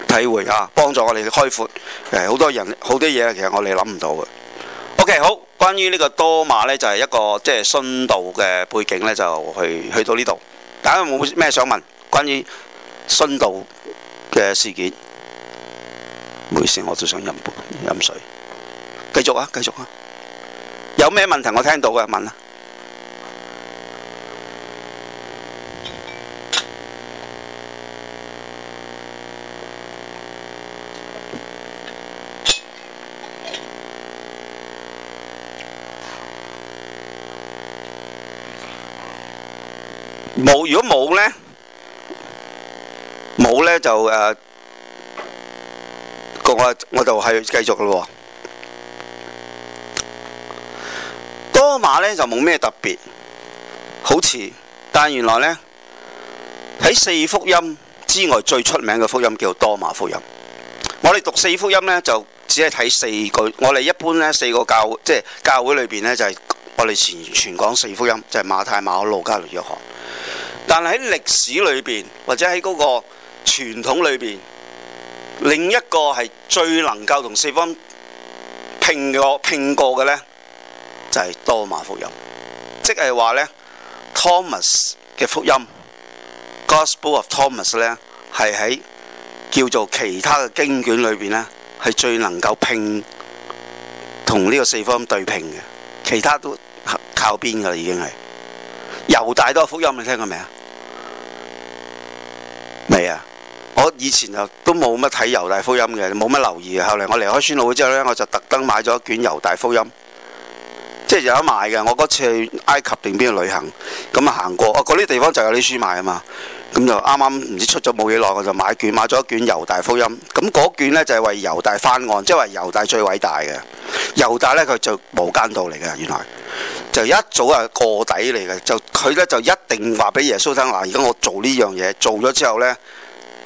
體會啊，幫助我哋開闊誒，好多人好多嘢，其實，其實我哋諗唔到嘅。OK，好。關於呢個多馬呢，就係、是、一個即係殉道嘅背景呢，就去去到呢度。大家有冇咩想問？關於殉道嘅事件，唔好意思，我都想飲杯飲水。繼續啊，繼續啊，有咩問題我聽到嘅問啊。冇，如果冇咧，冇咧就誒個、呃、我我就係繼續咯。多馬咧就冇咩特別，好似，但原來咧喺四福音之外最出名嘅福音叫多馬福音。我哋讀四福音咧就只係睇四句，我哋一般咧四個教即係教會裏邊咧就係、是、我哋前全，全講四福音，就係、是、馬太、馬可、路加、約翰。但係喺歷史裏邊或者喺嗰個傳統裏邊，另一個係最能夠同四方拼過拼過嘅咧，就係多馬福音，即係話咧，Thomas 嘅福音《Gospel of Thomas》咧，係喺叫做其他嘅經卷裏邊咧，係最能夠拼同呢個四方對拼嘅，其他都靠邊噶啦，已經係猶大多福音，你聽過未啊？未啊！我以前就都冇乜睇《猶大福音》嘅，冇乜留意嘅。後嚟我離開宣老會之後呢，我就特登買咗一卷《猶大福音》，即係有得賣嘅。我嗰次去埃及定邊度旅行，咁啊行過哦，嗰啲地方就有啲書賣啊嘛，咁就啱啱唔知出咗冇幾耐，我就買卷買咗一卷《猶大福音》。咁嗰卷呢，就係為猶大翻案，即係話猶大最偉大嘅。猶大呢，佢就無間道嚟嘅，原來。就一早係個底嚟嘅就佢咧，就一定話俾耶穌聽話。而、啊、家我做呢樣嘢做咗之後呢，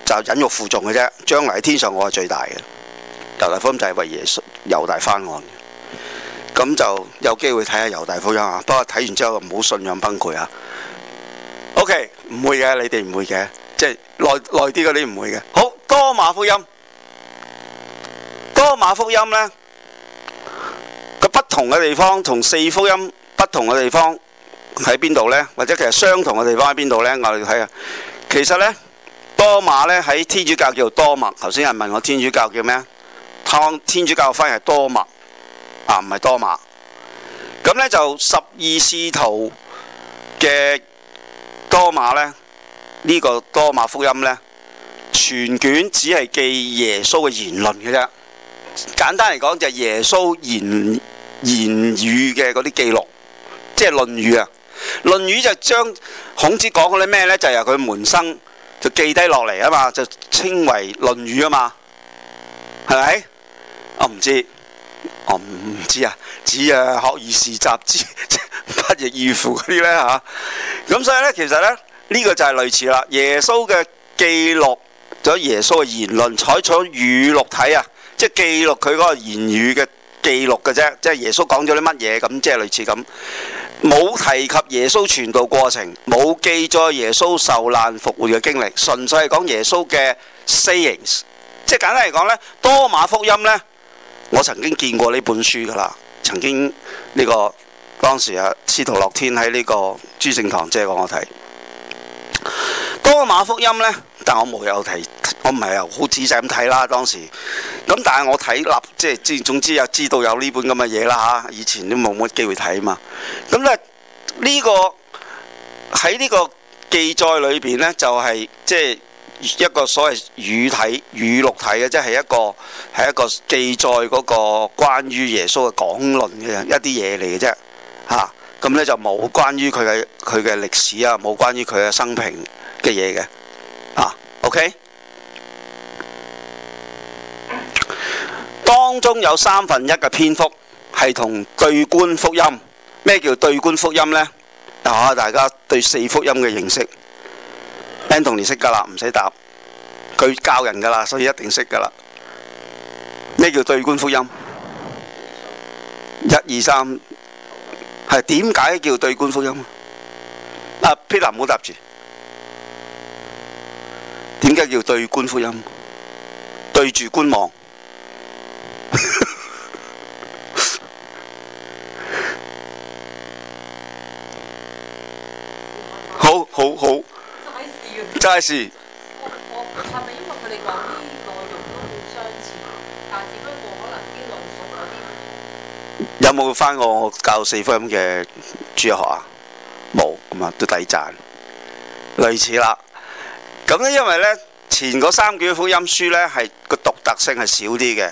就忍辱負重嘅啫。將來天上我係最大嘅。猶大福音就係為耶穌猶大翻案咁，就有機會睇下猶大福音啊。不過睇完之後唔好信仰崩潰啊。O K 唔會嘅，你哋唔會嘅，即係耐耐啲嗰啲唔會嘅。好，多馬福音，多馬福音呢，個不同嘅地方同四福音。不同嘅地方喺邊度咧，或者其實相同嘅地方喺邊度咧？我哋睇下。其實咧多馬咧喺天主教叫做多默。頭先有人問我天主教叫咩？湯天主教翻係多默啊，唔係多馬。咁咧就十二使徒嘅多馬咧呢呢個多馬福音咧，全卷只係記耶穌嘅言論嘅啫。簡單嚟講就係耶穌言言語嘅嗰啲記錄。即係《論語》啊，《論語》就將孔子講嗰啲咩咧，就由佢門生就記低落嚟啊嘛，就稱為《論語》啊嘛，係咪？我唔知，我唔知啊，只啊學而時習之，不亦說乎嗰啲咧嚇。咁所以咧，其實咧呢個就係類似啦。耶穌嘅記錄咗耶穌嘅言論，採取語錄體啊，即係記錄佢嗰個言語嘅記錄嘅啫，即係耶穌講咗啲乜嘢，咁即係類似咁。冇提及耶穌傳道過程，冇記載耶穌受難復活嘅經歷，純粹係講耶穌嘅 sayings。即係簡單嚟講咧，多馬福音呢，我曾經見過呢本書㗎啦。曾經呢、這個當時啊，司徒樂天喺呢個諸聖堂借過我睇。多馬福音呢，但我冇有睇。我唔係啊，好仔細咁睇啦，當時咁，但係我睇立即係之總之又知道有呢本咁嘅嘢啦嚇。以前都冇乜機會睇啊嘛。咁咧呢個喺呢個記載裏邊咧，就係即係一個所謂語體語錄體嘅，即係一個係一個記載嗰個關於耶穌嘅講論嘅一啲嘢嚟嘅啫嚇。咁咧就冇關於佢嘅佢嘅歷史啊，冇關於佢嘅生平嘅嘢嘅啊。OK。當中有三分一嘅篇幅係同對觀福音。咩叫對觀福音呢？啊，大家對四福音嘅認識，Andrew 你識噶啦，唔使答。佢教人噶啦，所以一定識噶啦。咩叫對觀福音？一二三，係點解叫對觀福音？啊，Peter 唔好答住。點解叫對觀福音？對住觀望。好好好，齋事，齋事。我唔方便，係咪因為佢哋話啲內容都好相似啊？但只不過可能啲內容可能有冇翻過我教四福音嘅主學啊？冇咁啊，都抵讚。類似啦，咁呢因為呢前嗰三卷福音書呢係個獨特性係少啲嘅。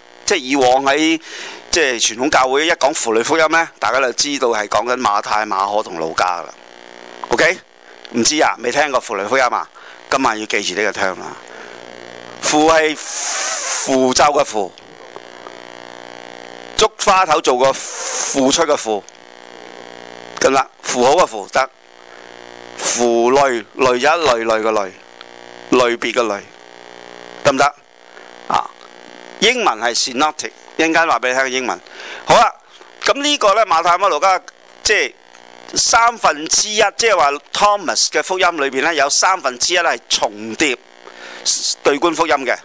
即係以往喺即係傳統教會一講符類福音呢，大家就知道係講緊馬太、馬可同路加啦。OK，唔知啊，未聽過符類福音嘛，啊？今晚要記住呢個聽啦。符係符咒嘅符，竹花頭做個付出嘅符，得啦。符號嘅符得，符類類一類類嘅類，類別嘅類，得唔得？英文係 synoptic，一間話俾你聽嘅英文。好啦，咁呢個咧馬太馬可路加，即係三分之一，即係話 Thomas 嘅福音裏邊咧有三分之一係重疊對觀福音嘅，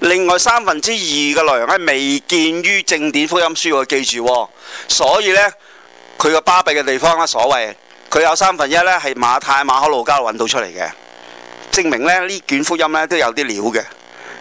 另外三分之二嘅內容咧未見於正典福音書，我記住哦。所以咧佢個巴閉嘅地方咧，所謂佢有三分之一咧係馬太馬可路加揾到出嚟嘅，證明咧呢卷福音咧都有啲料嘅。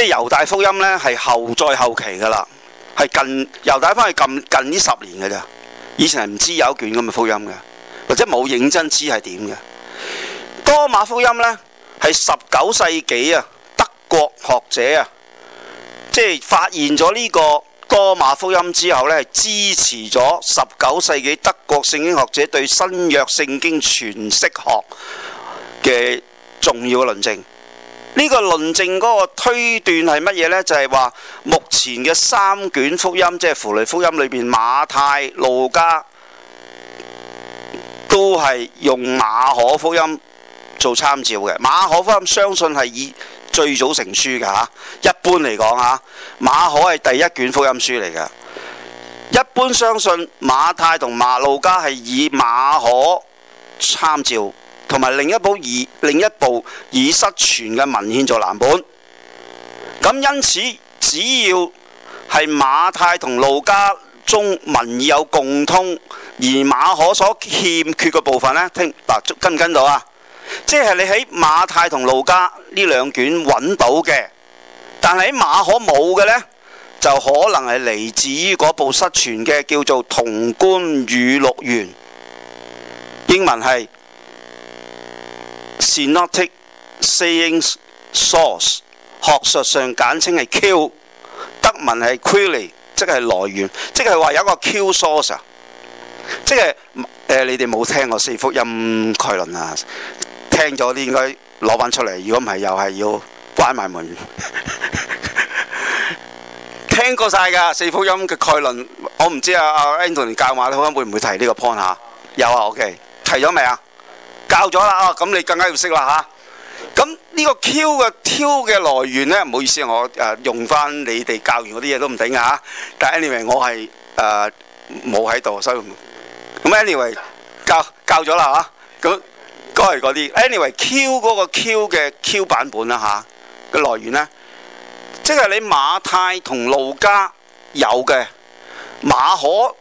即係猶大福音呢，係後再後期噶啦，係近猶大翻去近近呢十年噶咋，以前係唔知有卷咁嘅福音嘅，或者冇認真知係點嘅。多馬福音呢，係十九世紀啊，德國學者啊，即係發現咗呢個多馬福音之後呢，係支持咗十九世紀德國聖經學者對新約聖經詮釋學嘅重要嘅論證。呢個論證嗰個推斷係乜嘢呢？就係話目前嘅三卷福音，即係《符類福音》裏邊，馬太、路加都係用馬可福音做參照嘅。馬可福音相信係以最早成書嘅嚇，一般嚟講嚇，馬可係第一卷福音書嚟嘅。一般相信馬太同馬路加係以馬可參照，同埋另一部已另一部已失傳嘅文獻做藍本，咁因此只要係馬太同路加中文有共通，而馬可所欠缺嘅部分呢，聽嗱、啊、跟唔跟到啊？即係你喺馬太同路加呢兩卷揾到嘅，但係喺馬可冇嘅呢，就可能係嚟自於嗰部失傳嘅叫做《同觀語錄》原，英文係。Synoptic sayings source 學術上簡稱係 Q 德文係 quelle 即係來源即係話有一個 Q source 啊。即係誒、呃、你哋冇聽過四福音概論啊聽咗啲應該攞翻出嚟如果唔係又係要關埋門 聽過晒㗎四福音嘅概論我唔知啊阿、啊、Andrew 教馬會唔會提呢個 point 嚇、啊、有啊 OK 提咗未啊？教咗啦，咁、啊、你更加要識啦嚇。咁、啊、呢個 Q 嘅 Q 嘅來源咧，唔好意思我誒、啊、用翻你哋教完嗰啲嘢都唔頂啊，但係 anyway 我係誒冇喺度，所以咁 anyway 教教咗啦嚇。咁嗰係嗰啲 anyway Q 嗰個 Q 嘅 Q 版本啦嚇嘅來源咧，即、就、係、是、你馬太同路加有嘅，馬可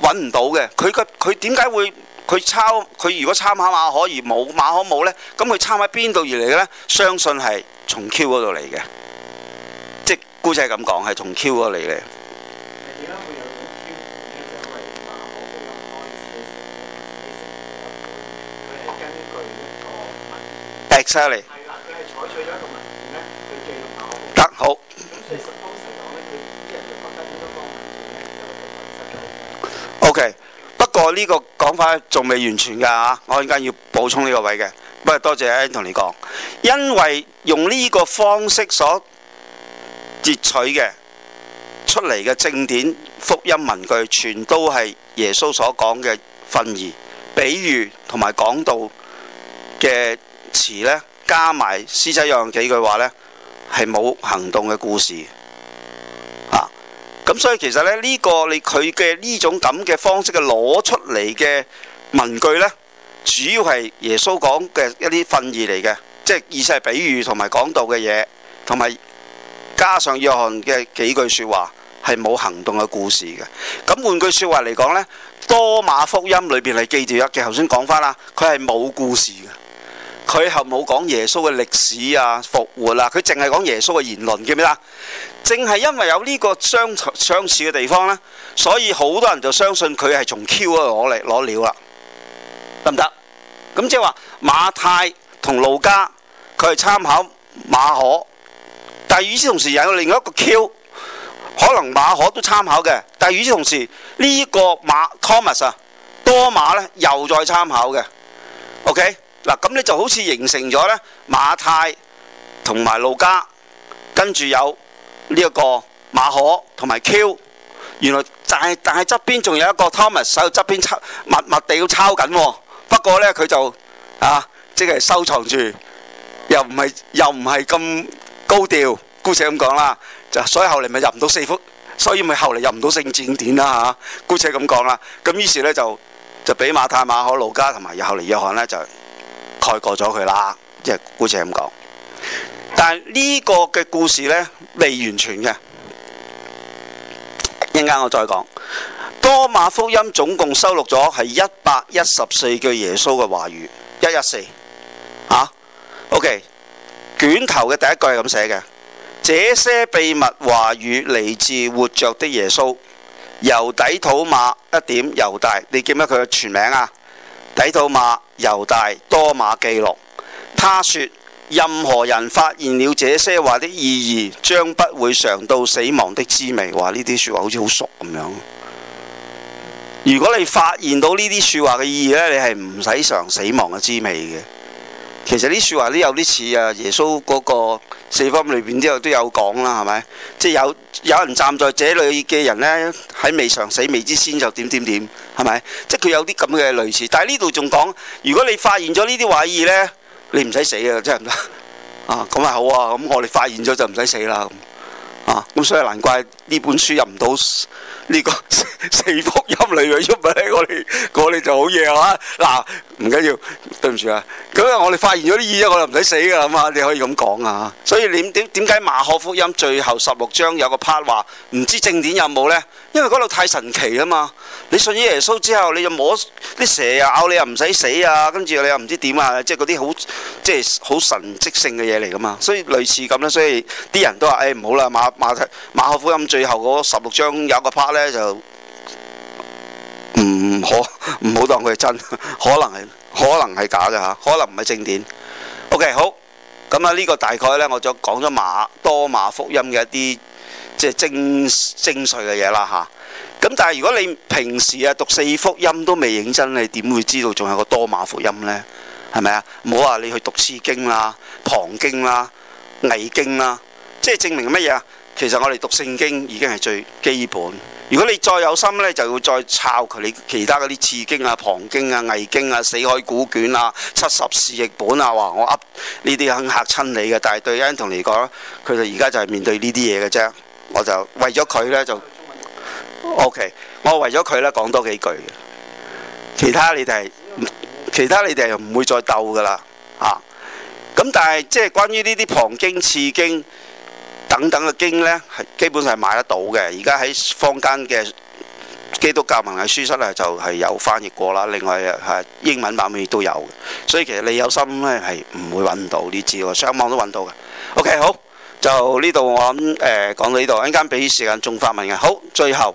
揾唔到嘅，佢個佢點解會？佢抄佢如果參考馬可，而冇馬可冇呢，咁佢參喺邊度而嚟呢？相信係從 Q 嗰度嚟嘅，即係姑且係咁講，係從 Q 嗰度嚟嘅。Exactly。得，好。OK。不過呢個講法仲未完全㗎嚇，我陣間要補充呢個位嘅。不過多謝阿欣同你講，因為用呢個方式所截取嘅出嚟嘅正典福音文句，全都係耶穌所講嘅訓誡、比喻同埋講道嘅詞呢，加埋施洗約翰幾句話呢，係冇行動嘅故事。咁所以其實咧、這個，呢個你佢嘅呢種咁嘅方式嘅攞出嚟嘅文句呢，主要係耶穌講嘅一啲訓誡嚟嘅，即係意思係比喻同埋講道嘅嘢，同埋加上約翰嘅幾句説話係冇行動嘅故事嘅。咁換句説話嚟講呢，多馬福音裏邊係記住一件，頭先講翻啦，佢係冇故事嘅。佢係冇講耶穌嘅歷史啊、復活啊，佢淨係講耶穌嘅言論，記唔記得？正係因為有呢個相相似嘅地方呢，所以好多人就相信佢係從 Q 嗰度攞嚟攞料啦，得唔得？咁即係話馬太同路加，佢係參考馬可，但係與此同時又有另外一個 Q，可能馬可都參考嘅，但係與此同時呢、呢個馬 Thomas 啊多馬呢，又再參考嘅，OK？嗱咁咧就好似形成咗咧，馬太同埋路加，跟住有呢一個馬可同埋 Q。原來但係但係側邊仲有一個 Thomas 喺度側邊抄，默默地要抄緊。不過咧佢就啊即係收藏住，又唔係又唔係咁高調，姑且咁講啦。就所以後嚟咪入唔到四幅，所以咪後嚟入唔到聖戰典啦吓，姑且咁講啦。咁於是咧就就俾馬太、馬可、路加同埋後嚟約翰咧就。概過咗佢啦，即係姑且咁講。但係呢個嘅故事呢，未完全嘅，一陣間我再講。多馬福音總共收錄咗係一百一十四句耶穌嘅話語，一一四啊。OK，卷頭嘅第一句係咁寫嘅：這些秘密話語嚟自活着的耶穌，由底土馬一點猶大。你記唔記得佢嘅全名啊？低土馬猶大多馬記錄，他說：任何人發現了這些話的意義，將不會嘗到死亡的滋味。話呢啲説話好似好熟咁樣。如果你發現到呢啲説話嘅意義呢，你係唔使嘗死亡嘅滋味嘅。其實呢啲説話都有啲似啊耶穌嗰、那個。四方裏邊都有都、就是、有講啦，係咪？即係有有人站在這裏嘅人呢，喺未嚐死未知先就點點點，係咪？即係佢有啲咁嘅類似。但係呢度仲講，如果你發現咗呢啲懷疑呢，你唔使死啊，真係唔得啊？咁啊好啊，咁我哋發現咗就唔使死啦。啊，咁所以難怪呢本書入唔到。呢個 四福音嚟嘅，出埋我哋，我哋就好嘢嚇。嗱，唔緊要，對唔住啊。咁我哋發現咗啲意啫，我就唔使死㗎嘛。你可以咁講啊。所以點點解馬可福音最後十六章有個 part 話唔知正典有冇呢？因為嗰度太神奇啊嘛。你信咗耶穌之後，你就摸啲蛇啊，咬你又唔使死啊，跟住你又唔知點啊，即係嗰啲好即係好神蹟性嘅嘢嚟㗎嘛。所以類似咁啦。所以啲人都話，誒、哎、唔好啦，馬馬馬可福音最後嗰十六章有個 part。咧就唔好唔好當佢係真，可能係可能係假嘅，吓，可能唔係正典。O、okay, K 好咁啊，呢個大概呢，我就講咗馬多馬福音嘅一啲即係精精髓嘅嘢啦吓。咁、啊、但係如果你平時啊讀四福音都未認真，你點會知道仲有個多馬福音呢？係咪啊？唔好話你去讀次經啦、旁經啦、偽經啦，即係證明乜嘢啊？其實我哋讀聖經已經係最基本。如果你再有心咧，就要再抄佢哋其他嗰啲次經啊、旁經啊、偽經啊、死海古卷啊、七十士譯本啊，話我噏呢啲肯嚇親你嘅。但係對欣彤嚟講，佢哋而家就係面對呢啲嘢嘅啫。我就為咗佢咧，就 OK。我為咗佢咧，講多幾句。其他你哋，其他你哋唔會再鬥噶啦嚇。咁、啊、但係即係關於呢啲旁經、次經。等等嘅經呢，係基本上係買得到嘅。而家喺坊間嘅基督教文藝書室呢，就係、是、有翻譯過啦。另外啊，英文版本亦都有，所以其實你有心呢，係唔會揾唔到啲字，上網都揾到嘅。OK，好，就呢度我誒、呃、講到呢度，一陣間俾時間仲發問嘅。好，最後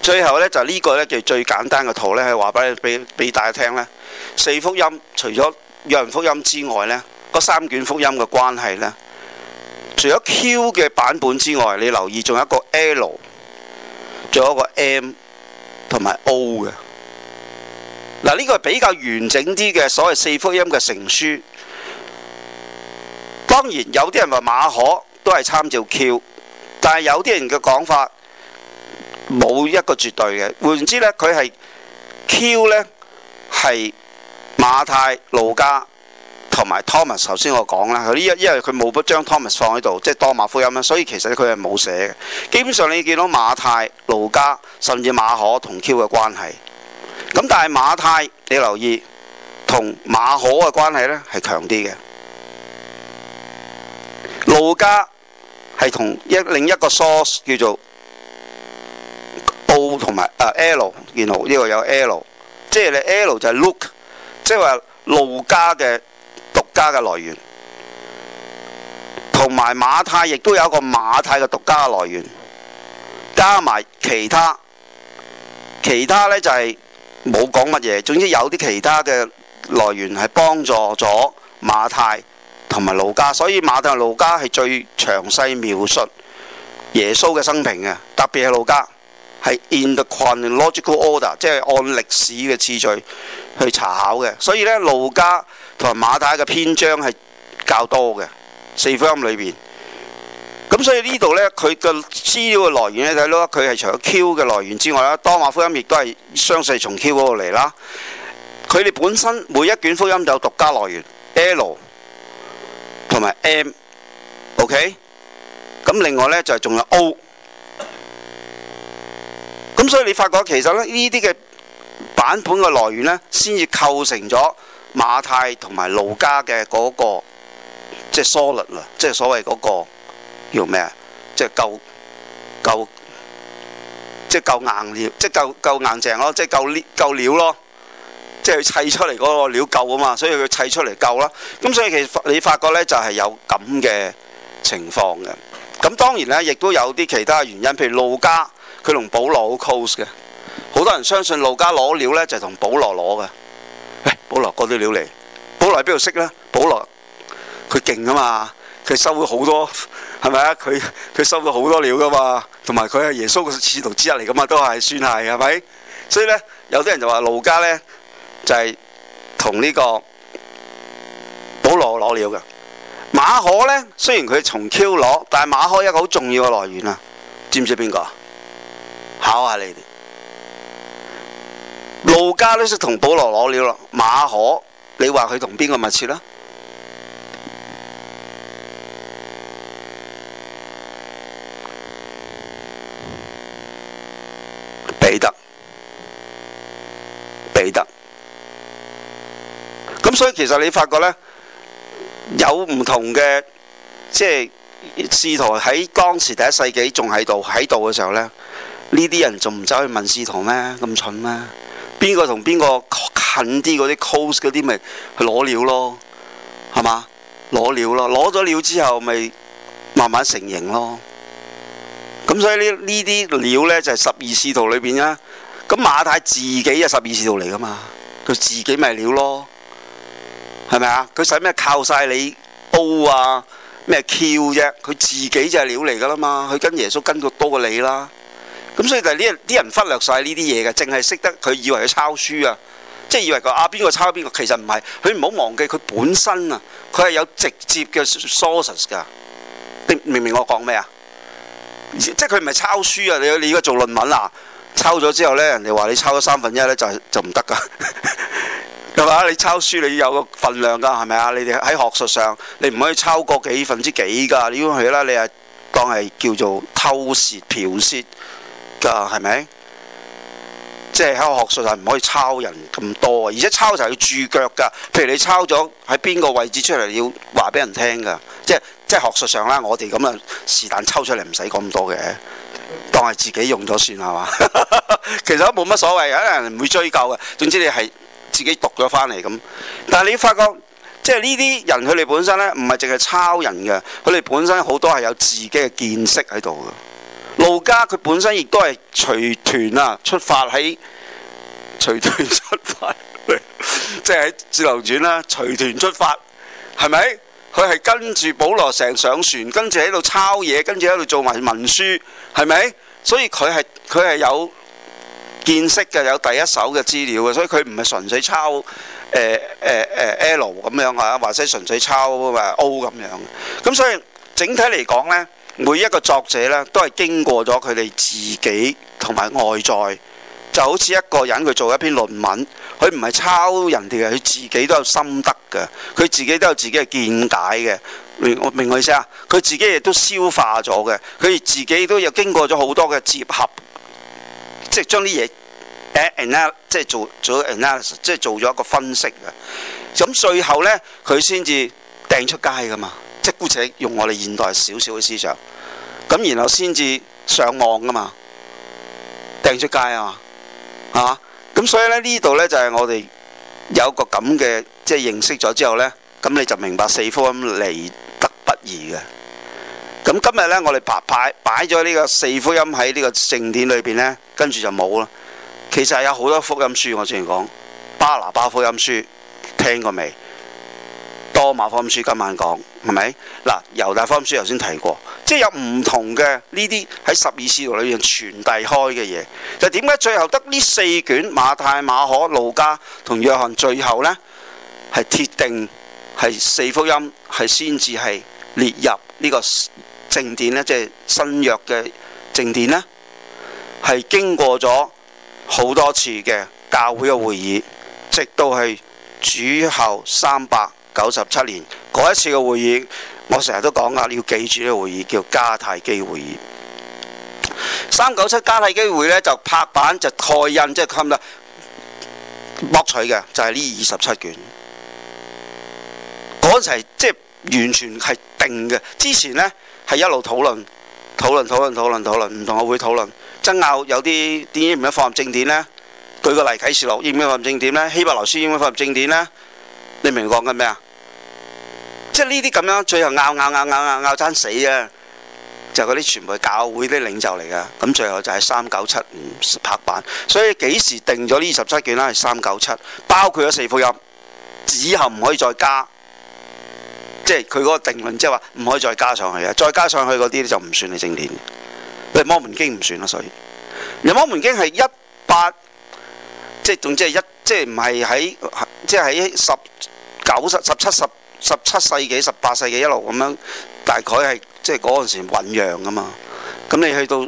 最後呢，就呢、是、個呢，叫最簡單嘅圖呢，係話俾你俾俾大家聽呢：四福音除咗約翰福音之外呢，嗰三卷福音嘅關係呢。除咗 Q 嘅版本之外，你留意仲有一個 L，仲有一個 M 同埋 O 嘅。嗱，呢個係比較完整啲嘅所謂四福音嘅成書。當然有啲人話馬可都係參照 Q，但係有啲人嘅講法冇一個絕對嘅。換言之咧，佢係 Q 咧係馬太、路加。同埋 Thomas，頭先我講啦，佢因因為佢冇將 Thomas 放喺度，即係多馬福音啦，所以其實佢係冇寫嘅。基本上你見到馬太、路加，甚至馬可同 Q 嘅關係咁，但係馬太你要留意同馬可嘅關係咧係強啲嘅。路加係同一另一個 source 叫做布同埋啊 L 然後呢個有 L，即係你 L 就係 Luke，即係話路加嘅。家嘅來源，同埋馬太亦都有一個馬太嘅獨家來源，加埋其他，其他呢就係冇講乜嘢。總之有啲其他嘅來源係幫助咗馬太同埋路加。所以馬太、路加係最詳細描述耶穌嘅生平嘅，特別係路加，係 in the chronological order，即係按歷史嘅次序去查考嘅，所以呢，路加同埋馬太嘅篇章係較多嘅四福音裏邊，咁所以呢度呢，佢嘅資料嘅來源咧睇咯，佢係除咗 Q 嘅來源之外啦，多馬福音亦都係相似從 Q 嗰度嚟啦。佢哋本身每一卷福音就有獨家來源 L 同埋 M，OK、okay？咁另外呢，就仲有 O。咁所以你發覺其實咧，呢啲嘅版本嘅來源呢，先至構成咗。馬太同埋路加嘅嗰、那個、就是、id, 即係 solid 啦，即係所謂嗰個叫咩啊？即係夠夠即係夠硬，夠夠硬夠夠料，即係夠夠硬淨咯，即係夠呢料咯，即係佢砌出嚟嗰個料夠啊嘛，所以佢砌出嚟夠啦。咁所，所以其實你發覺咧，就係有咁嘅情況嘅。咁當然咧，亦都有啲其他原因，譬如路加，佢同保羅好 close 嘅，好多人相信路加攞料咧就係同保羅攞嘅。喂、哎，保羅啲料嚟，保羅喺邊度識咧？保羅佢勁啊嘛，佢收咗好多，係咪啊？佢佢收咗好多料噶嘛，同埋佢係耶穌嘅使徒之一嚟噶嘛，都係算係，係咪？所以咧，有啲人就話路加咧就係同呢個保羅攞料嘅，馬可咧雖然佢從 Q 攞，但係馬可有一個好重要嘅來源啊，知唔知邊個？考下你哋。路加都識同保羅攞料咯，馬可，你話佢同邊個密切啦？彼得，彼得。咁所以其實你發覺呢，有唔同嘅即係使徒喺當時第一世紀仲喺度喺度嘅時候呢，呢啲人仲唔走去問使徒咩？咁蠢咩？邊個同邊個近啲嗰啲 close 嗰啲咪去攞料咯，係嘛？攞料咯，攞咗料之後咪慢慢成形咯。咁所以呢呢啲料咧就係、是、十二門徒裏邊啦。咁馬太自己就十二門徒嚟噶嘛？佢自己咪料咯，係咪啊？佢使咩靠晒你刀啊？咩翹啫？佢自己就係料嚟噶啦嘛。佢跟耶穌跟過刀過你啦。咁所以就係呢啲人忽略晒呢啲嘢嘅，淨係識得佢以為佢抄書啊，即係以為佢啊邊個抄邊個，其實唔係，佢唔好忘記佢本身啊，佢係有直接嘅 source 噶。你明唔明我講咩啊？即係佢唔係抄書啊！你你而家做論文啦、啊，抄咗之後咧，人哋話你抄咗三分一咧就就唔得㗎。係 嘛？你抄書你有個份量㗎，係咪啊？你哋喺學術上你唔可以抄過幾分之幾㗎，你去啦，你係當係叫做偷竊剽竊。係咪？即係喺學術上唔可以抄人咁多啊，而且抄就係要注腳噶。譬如你抄咗喺邊個位置出嚟，你要話俾人聽噶。即係即係學術上啦，我哋咁啊，是但抽出嚟唔使咁多嘅，當係自己用咗算係嘛。 其實都冇乜所謂，有人唔會追究嘅。總之你係自己讀咗翻嚟咁。但係你發覺，即係呢啲人佢哋本身咧，唔係淨係抄人嘅，佢哋本身好多係有自己嘅見識喺度嘅。道家佢本身亦都係隨團啊出發，出發，喺隨團出發，即係喺《志留傳》啦，隨團出發，係咪？佢係跟住保羅成上船，跟住喺度抄嘢，跟住喺度做埋文書，係咪？所以佢係佢係有見識嘅，有第一手嘅資料嘅，所以佢唔係純粹抄誒誒誒 L 咁樣啊，或者純粹抄啊 O 咁樣。咁所以整體嚟講呢。每一個作者咧，都係經過咗佢哋自己同埋外在，就好似一個人佢做一篇論文，佢唔係抄人哋嘅，佢自己都有心得嘅，佢自己都有自己嘅見解嘅。你我明我意思啊？佢自己亦都消化咗嘅，佢自己都有經過咗好多嘅結合，即係將啲嘢 a 即係做、即係、做 analysis，即係做咗一個分析嘅。咁最後呢，佢先至掟出街㗎嘛。即姑且用我哋現代少少嘅思想，咁然後先至上網噶嘛，掟出街啊，係嘛？咁所以呢呢度呢，就係、是、我哋有個咁嘅即係認識咗之後呢，咁你就明白四福音嚟得不易嘅。咁今日呢，我哋擺咗呢個四福音喺呢個正典裏邊呢，跟住就冇咯。其實有好多福音書我之前講，巴拿巴福音書聽過未？多馬福音書今晚講係咪嗱？猶大福音書頭先提過，即係有唔同嘅呢啲喺十二使徒裏面傳遞開嘅嘢。就點、是、解最後得呢四卷馬太、馬可、路加同約翰最後呢？係鐵定係四福音係先至係列入呢個正典咧，即係新約嘅正典呢？係經過咗好多次嘅教會嘅會議，直到係主後三百。九十七年嗰一次嘅會議，我成日都講啦，你要記住呢個會議叫加泰基會議。三九七加泰基會呢，就拍板就蓋印，即係冚啦，剝取嘅就係呢二十七卷。嗰陣時即係、就是、完全係定嘅。之前呢，係一路討論、討論、討論、討論、討論，唔同我會討論爭拗，有啲影唔應放入正典呢？舉個例，啟示錄應唔應放入正典呢？希伯來書應唔應放入正典呢？你明唔明講緊咩啊？即係呢啲咁樣，最後拗拗拗拗拗爭死啊！就嗰、是、啲全部係教會啲領袖嚟嘅。咁最後就係三九七拍板。所以幾時定咗呢二十七卷啦？係三九七，包括咗四福音，以後唔可以再加，即係佢嗰個定論，即係話唔可以再加上去啊！再加上去嗰啲就唔算係正典，譬如《摩門經》唔算咯。所以《摩門經》係一八，即係總之係一，即係唔係喺即係喺十九十十七十。十七世紀、十八世紀一路咁樣，大概係即係嗰陣時醞釀噶嘛。咁你去到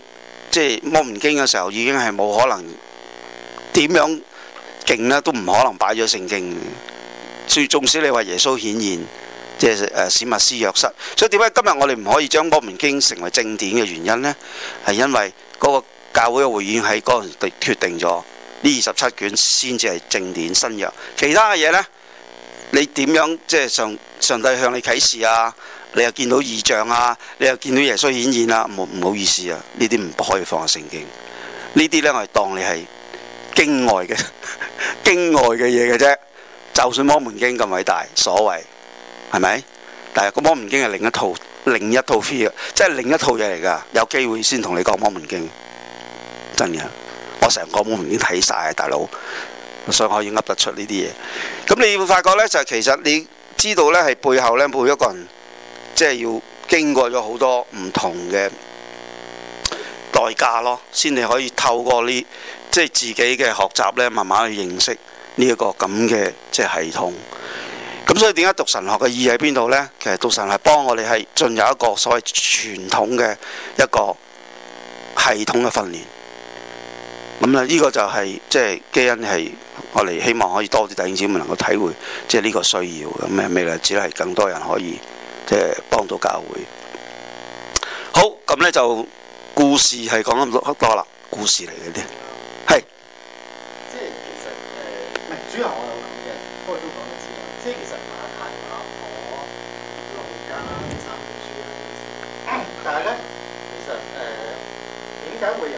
即係《摩門經》嘅時候，已經係冇可能點樣勁呢？都唔可能擺咗聖經嘅。所以，縱使你話耶穌顯現，即係呃、史密斯約瑟。所以點解今日我哋唔可以將《摩門經》成為正典嘅原因呢？係因為嗰個教會嘅會員喺嗰陣時決定咗呢二十七卷先至係正典新約，其他嘅嘢呢？你點樣即係上上帝向你啟示啊？你又見到異象啊？你又見到耶穌顯現啦、啊？唔好唔好意思啊，呢啲唔可以放聖經。呢啲咧，我係當你係經外嘅經外嘅嘢嘅啫。就算《摩門經》咁偉大，所謂係咪？但係《個摩門經》係另一套另一套書啊，即係另一套嘢嚟㗎。有機會先同你講《摩門經》，真嘅。我成個《摩門經》睇晒，大佬。上可以噏得出呢啲嘢，咁你會發覺呢，就係、其實你知道呢，係背後呢，每一個人，即係要經過咗好多唔同嘅代價咯，先至可以透過呢即係自己嘅學習呢，慢慢去認識呢、這、一個咁嘅即係系統。咁所以點解讀神學嘅意義喺邊度呢？其實讀神係幫我哋係進入一個所謂傳統嘅一個系統嘅訓練。咁咧，呢個就係、是、即係基因係。我哋希望可以多啲弟兄姊妹能夠體會，即係呢個需要咁咩未來，只係更多人可以即係幫到教會。好，咁咧就故事係講咁唔多啦，故事嚟嘅啫，係，即係其實，誒、呃，唔係麼主教，我諗嘅，開頭都講咗先。即係其實，馬太家三輩主教嘅時候，但係咧，點解、呃、會？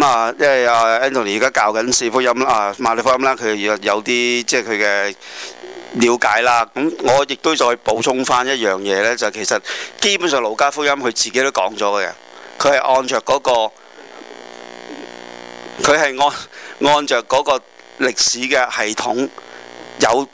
咁啊，因為啊 Anthony 而家教緊四福音啦，啊，馬利福音啦，佢有有啲即係佢嘅了解啦。咁我亦都再補充翻一樣嘢咧，就是、其實基本上路加福音佢自己都講咗嘅，佢係按着嗰、嗰個，佢係按按着嗰個歷史嘅系統，有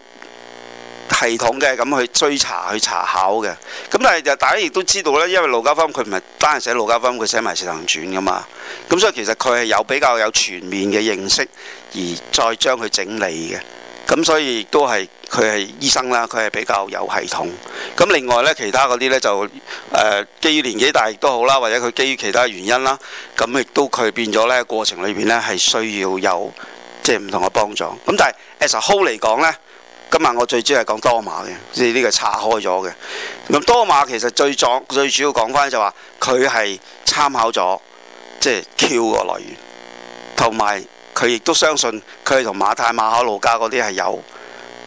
系統嘅咁去追查去查考嘅。咁但係就大家亦都知道咧，因為路加福音佢唔係單係寫路加福音，佢寫埋使徒行傳噶嘛。咁所以其實佢係有比較有全面嘅認識，而再將佢整理嘅。咁所以亦都係佢係醫生啦，佢係比較有系統。咁另外咧，其他嗰啲咧就誒、呃，基於年紀大亦都好啦，或者佢基於其他原因啦，咁亦都佢變咗咧過程裏邊咧係需要有即係唔同嘅幫助。咁但係 as a whole 嚟講咧，今日我最主要係講多馬嘅，即係呢個拆開咗嘅。咁多馬其實最早最主要講返就話佢係參考咗。即係 Q 個來源，同埋佢亦都相信佢係同馬太、馬可、路加嗰啲係有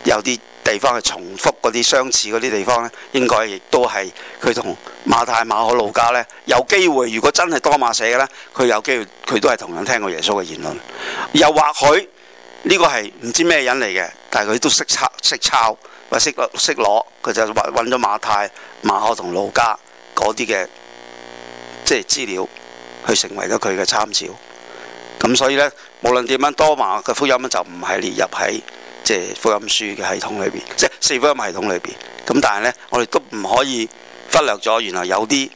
有啲地方係重複嗰啲相似嗰啲地方咧，應該亦都係佢同馬太、馬可、路加呢。有機會。如果真係多馬寫嘅呢，佢有機會佢都係同樣聽過耶穌嘅言論。又或許呢個係唔知咩人嚟嘅，但係佢都識抄、識抄或識識攞，佢就揾咗馬太、馬可同路加嗰啲嘅即係資料。佢成為咗佢嘅參照，咁所以呢，無論點樣，多馬嘅福音就唔係列入喺即係福音書嘅系統裏邊，即係四福音系統裏邊。咁但係呢，我哋都唔可以忽略咗原來有啲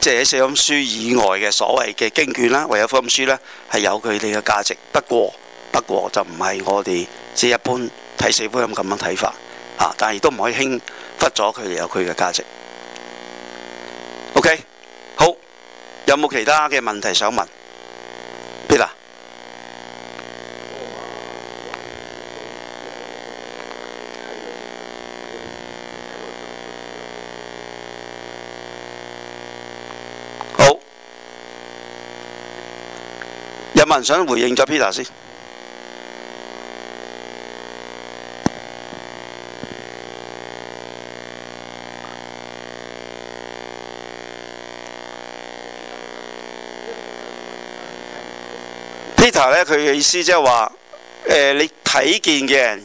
即係喺四福音書以外嘅所謂嘅經卷啦。唯有福音書呢係有佢哋嘅價值。不過不過就唔係我哋即一般睇四福音咁樣睇法嚇、啊，但係亦都唔可以輕忽咗佢哋有佢嘅價值。OK。有冇其他嘅問題想問 Peter？好，有冇人想回應咗 Peter 先？嗱咧，佢意思即係話誒，你睇見嘅人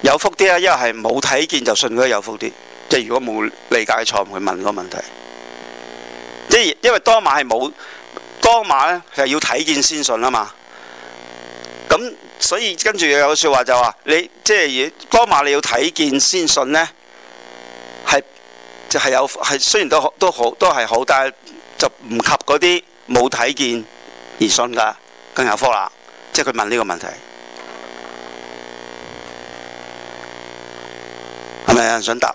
有福啲啦，因為係冇睇見就信佢有福啲。即係如果冇理解嘅錯誤，佢問嗰個問題，即係因為多馬係冇多馬咧，佢係要睇見先信啊嘛。咁所以跟住有說話就話你即係多馬，你，你要睇見先信咧，係就係、係、有係雖然都都好都係好，但係就唔及嗰啲冇睇見而信㗎。更有福啦，即係佢問呢個問題，係咪有人想答？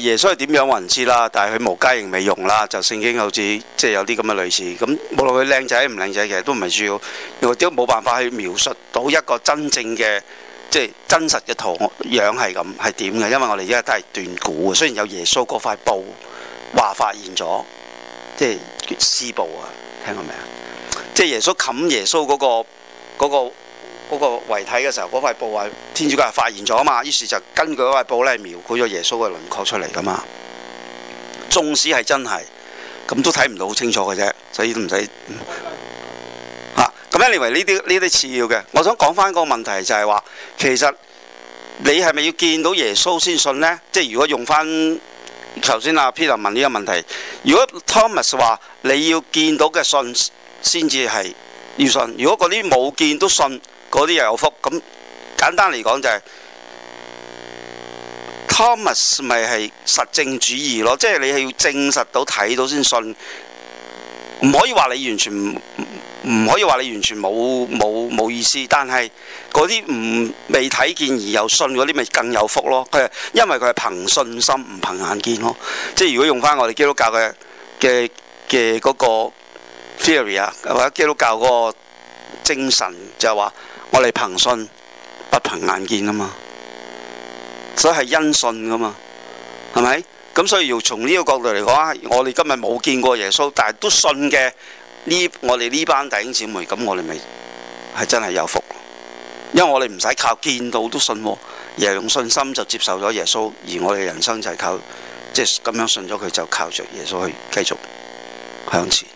耶穌係點樣，無人知啦。但係佢無家仍未用啦，就聖經好似即係有啲咁嘅類似咁。無論佢靚仔唔靚仔，其實都唔係主要。我點都冇辦法去描述到一個真正嘅即係真實嘅圖樣係咁係點嘅，因為我哋而家都係斷估啊。雖然有耶穌嗰塊布話發現咗，即係屍布啊，聽過未啊？即係耶穌冚耶穌嗰個嗰個。那個嗰個遺體嘅時候，嗰塊布係天主教係發現咗啊嘛，於是就根據嗰塊布咧描繪咗耶穌嘅輪廓出嚟噶嘛。縱使係真係咁都睇唔到好清楚嘅啫，所以都唔使嚇。咁一嚟呢啲呢啲次要嘅，我想講翻一個問題就係話，其實你係咪要見到耶穌先信呢？即係如果用翻頭先阿 Peter 問呢個問題，如果 Thomas 話你要見到嘅信先至係要信，如果嗰啲冇見都信？嗰啲又有福咁簡單嚟講，就係，就係 Thomas 咪係實證主義咯，即係你係要證實到睇到先信，唔可以話你完全唔可以話你完全冇冇冇意思。但係嗰啲唔未睇見而有信嗰啲，咪更有福咯。佢係因為佢係憑信心唔憑眼見咯，即係如果用返我哋基督教嘅嘅嘅嗰個 theory 啊，或者基督教嗰個精神就係、係、話。我哋憑信，不憑眼見啊嘛，所以係因信噶嘛，係咪？咁所以要從呢個角度嚟講，我哋今日冇見過耶穌，但係都信嘅呢，我哋呢班弟兄姊妹，咁我哋咪係真係有福，因為我哋唔使靠見到都信，而係用信心就接受咗耶穌，而我哋人生就係靠即係咁樣信咗佢，就靠着耶穌去繼續向前。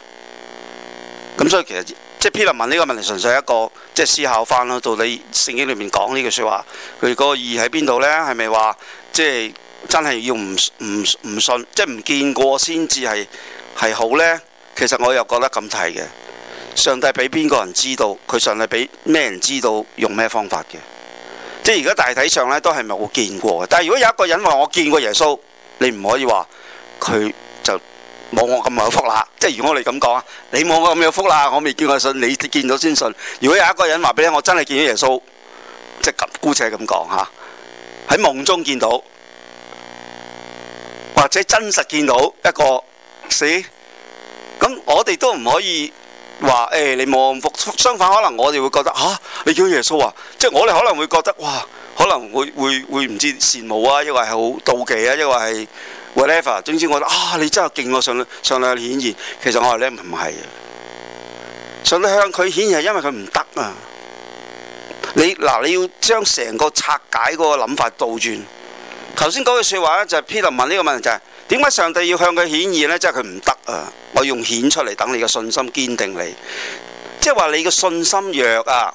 咁所以其實。即係披拉文呢個問題，純粹係一個即係思考翻咯，到底聖經裏面講呢句説話，佢嗰個意義喺邊度咧？係咪話即係真係要唔唔唔信，即係唔見過先至係係好咧？其實我又覺得咁睇嘅。上帝俾邊個人知道，佢上帝俾咩人知道用咩方法嘅？即係而家大體上咧都係冇見過嘅。但係如果有一個人話我見過耶穌，你唔可以話佢就。冇我咁有福啦，即係如果我哋咁講啊，你冇我咁有福啦，我未見過信，你見到先信。如果有一個人話俾你聽，我真係見咗耶穌，即係咁姑且咁講吓，喺、啊、夢中見到或者真實見到一個死，咁我哋都唔可以話誒、哎，你冇咁福。相反，可能我哋會覺得吓、啊，你見到耶穌啊，即係我哋可能會覺得哇，可能會會會唔知羨慕啊，抑或係好妒忌啊，抑或係。whatever 總之我覺得啊，你真係勁，我上帝上嚟顯現。其實我係你唔係，上嚟向佢顯現，係因為佢唔得啊。你嗱、啊，你要將成個拆解嗰個諗法倒轉。頭先嗰句説話咧，就係、是、Peter 問呢個問題就係點解上帝要向佢顯現咧？即係佢唔得啊！我用顯出嚟等你嘅信心堅定你，即係話你嘅信心弱啊。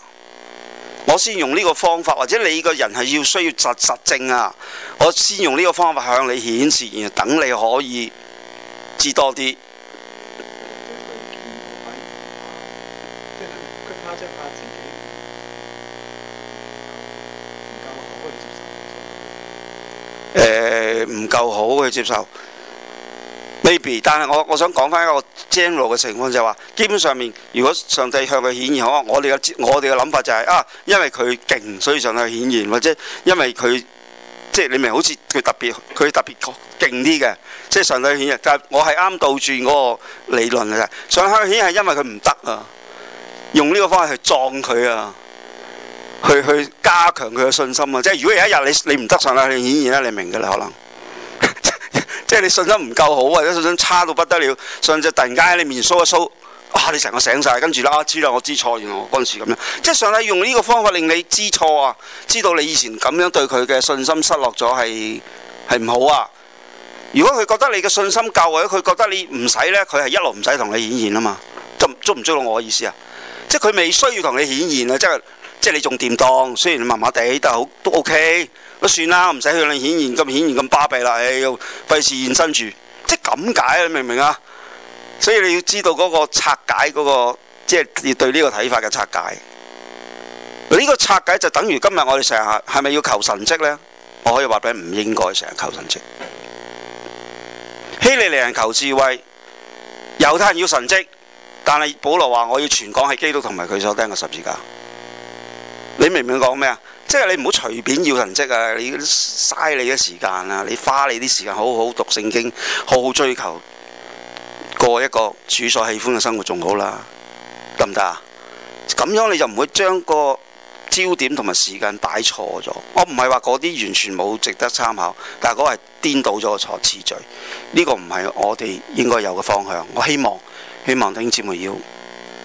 我先用呢個方法，或者你個人係要需要實實證啊！我先用呢個方法向你顯示，然後等你可以知多啲。誒、呃，唔夠好去接受。Maybe，但係我我想講翻一個 general 嘅情況就係話，基本上面如果上帝向佢顯現，可我哋嘅我哋嘅諗法就係啊，因為佢勁，所以上帝顯現，或者因為佢即係你明，好似佢特別佢特別勁啲嘅，即係上帝顯現。但係我係啱倒轉嗰個理論嘅，上帝顯現係因為佢唔得啊，用呢個方法去撞佢啊，去去加強佢嘅信心啊。即係如果有一日你你唔得上帝顯現咧，你明嘅啦，可能。 即係你信心唔夠好，或者信心差到不得了，甚至突然間喺你面 show 一 show，啊！你成個醒晒。跟住啦、啊，知啦，我知錯，原來我嗰陣時咁樣。即係上帝用呢個方法令你知錯啊，知道你以前咁樣對佢嘅信心失落咗係係唔好啊。如果佢覺得你嘅信心夠，或者佢覺得你唔使呢，佢係一路唔使同你顯現啊嘛。捉捉唔捉到我嘅意思啊？即係佢未需要同你顯現啊！即係即係你仲掂當，雖然麻麻地，但好都 OK。都算啦，唔使去咁顯然咁顯然咁巴閉啦。你要費事現身住，即係咁解啊！你明唔明啊？所以你要知道嗰個拆解嗰個，即係對呢個睇法嘅拆解。呢個拆解就等於今日我哋成日係咪要求神蹟呢？我可以話俾你唔應該成日求神蹟。希利尼人求智慧，猶太人要神蹟，但係保羅話我要傳講係基督同埋佢所釘嘅十字架。你明唔明講咩啊？即係你唔好隨便要人職啊！你嘥你嘅時間啦，啊，你花你啲時間好好讀聖經，好好追求過一個主所喜歡嘅生活，仲好啦，得唔得啊？咁樣你就唔會將個焦點同埋時間擺錯咗。我唔係話嗰啲完全冇值得參考，但係嗰個係顛倒咗個錯次序，呢、呢個唔係我哋應該有嘅方向。我希望，希望弟兄姊妹要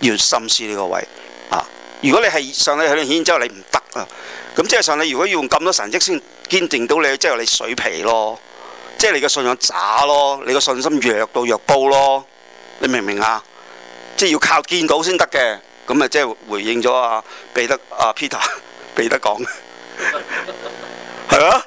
要深思呢個位啊！如果你係上帝喺度顯彰，你唔得啊！咁即係上你如果要用咁多神跡先堅定到你，即係你水皮咯，即係你個信仰渣咯，你個信心弱到弱煲咯，你明唔明啊？即係要靠見到先得嘅，咁啊即係回應咗啊彼得啊 Peter 彼得講，係啊，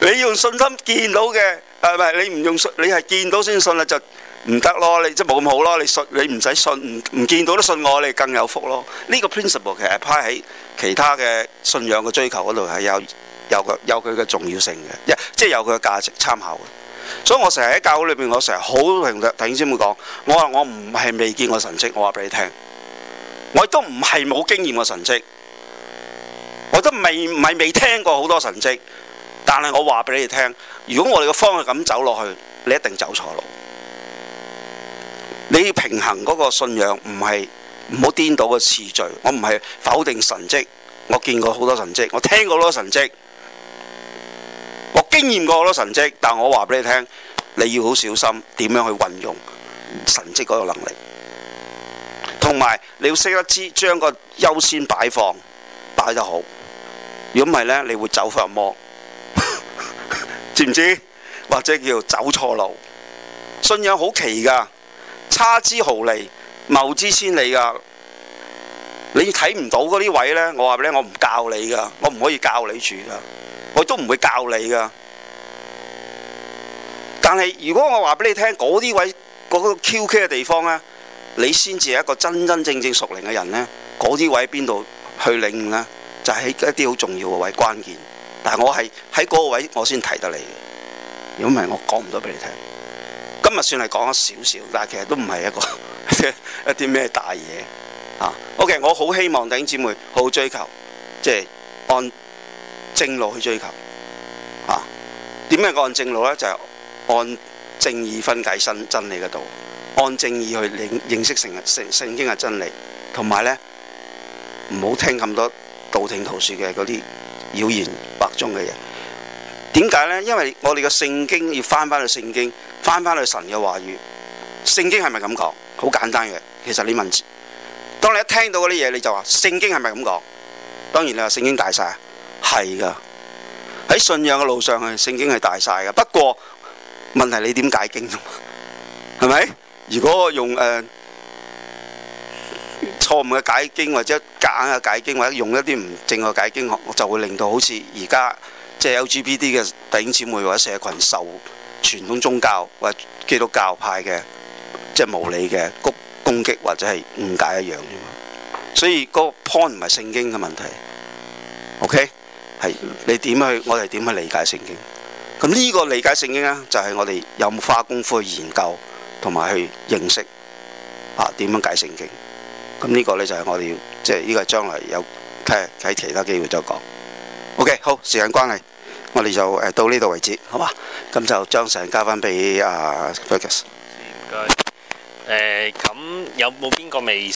你用信心見到嘅，係咪？你唔用信，你係見到先信啦，就。唔得咯，你即係冇咁好咯。你信你唔使信，唔唔見到都信我，你更有福咯。呢、這個 principle 其實係派喺其他嘅信仰嘅追求嗰度係有有個有佢嘅重要性嘅，即係有佢嘅價值參考。所以我成日喺教會裏邊，我成日好同陳先輩講，我話我唔係未見過神跡，我話俾你聽，我亦都唔係冇經驗過神跡，我都未唔係未聽過好多神跡，但係我話俾你哋聽，如果我哋嘅方向咁走落去，你一定走錯路。你要平衡嗰個信仰，唔係唔好顛倒個次序。我唔係否定神蹟，我見過好多神蹟，我聽過好多神蹟，我經驗過好多神蹟。但我話俾你聽，你要好小心點樣去運用神蹟嗰個能力，同埋你要識得知將個優先擺放擺得好。如果唔係呢，你會走佛魔， 知唔知？或者叫走錯路。信仰好奇㗎。差之毫厘，謀之千里噶。你睇唔到嗰啲位呢？我話俾你，我唔教你噶，我唔可以教你住噶，我都唔會教你噶。但係如果我話俾你聽，嗰啲位嗰、嗰個 QK 嘅地方呢，你先至係一個真真正正熟練嘅人呢。嗰啲位邊度去領悟呢？就喺、是、一啲好重要嘅位，關鍵。但係我係喺嗰個位我，我先提得你。如果唔係，我講唔到俾你聽。今日算係講咗少少，但係其實都唔係一個 一啲咩大嘢啊。OK，我好希望弟兄姐妹好好追求，即、就、係、是、按正路去追求啊。點樣按正路呢？就係、是、按正義分解真真理嘅道，按正義去認認識成聖聖經嘅真理，同埋呢，唔好聽咁多道聽途説嘅嗰啲妖言惑眾嘅嘢。點解呢？因為我哋嘅聖經要返返去聖經。翻翻去神嘅話語，聖經係咪咁講？好簡單嘅，其實你問。當你一聽到嗰啲嘢，你就話聖經係咪咁講？當然你話聖經大晒，係噶。喺信仰嘅路上，係聖經係大晒噶。不過問題你點解經？係咪？如果我用誒、呃、錯誤嘅解經，或者夾硬嘅解經，或者用一啲唔正嘅解經學，我就會令到好似而家即係 LGBT 嘅弟兄姊妹或者社群受傳統宗教或者基督教派嘅即係無理嘅攻擊或者係誤解一樣啫嘛，所以嗰個 point 唔係聖經嘅問題，OK 係你點去我哋點去理解聖經？咁呢個理解聖經呢，就係、是、我哋有冇花功夫去研究同埋去認識啊點樣解聖經。咁呢個呢，就係我哋即係呢個將來有睇睇其他機會再講。OK，好時間關係。我哋就誒到呢度為止，好嘛？咁就將相交翻俾啊，Fergus。唔、uh, 該。咁、呃、有冇邊個未？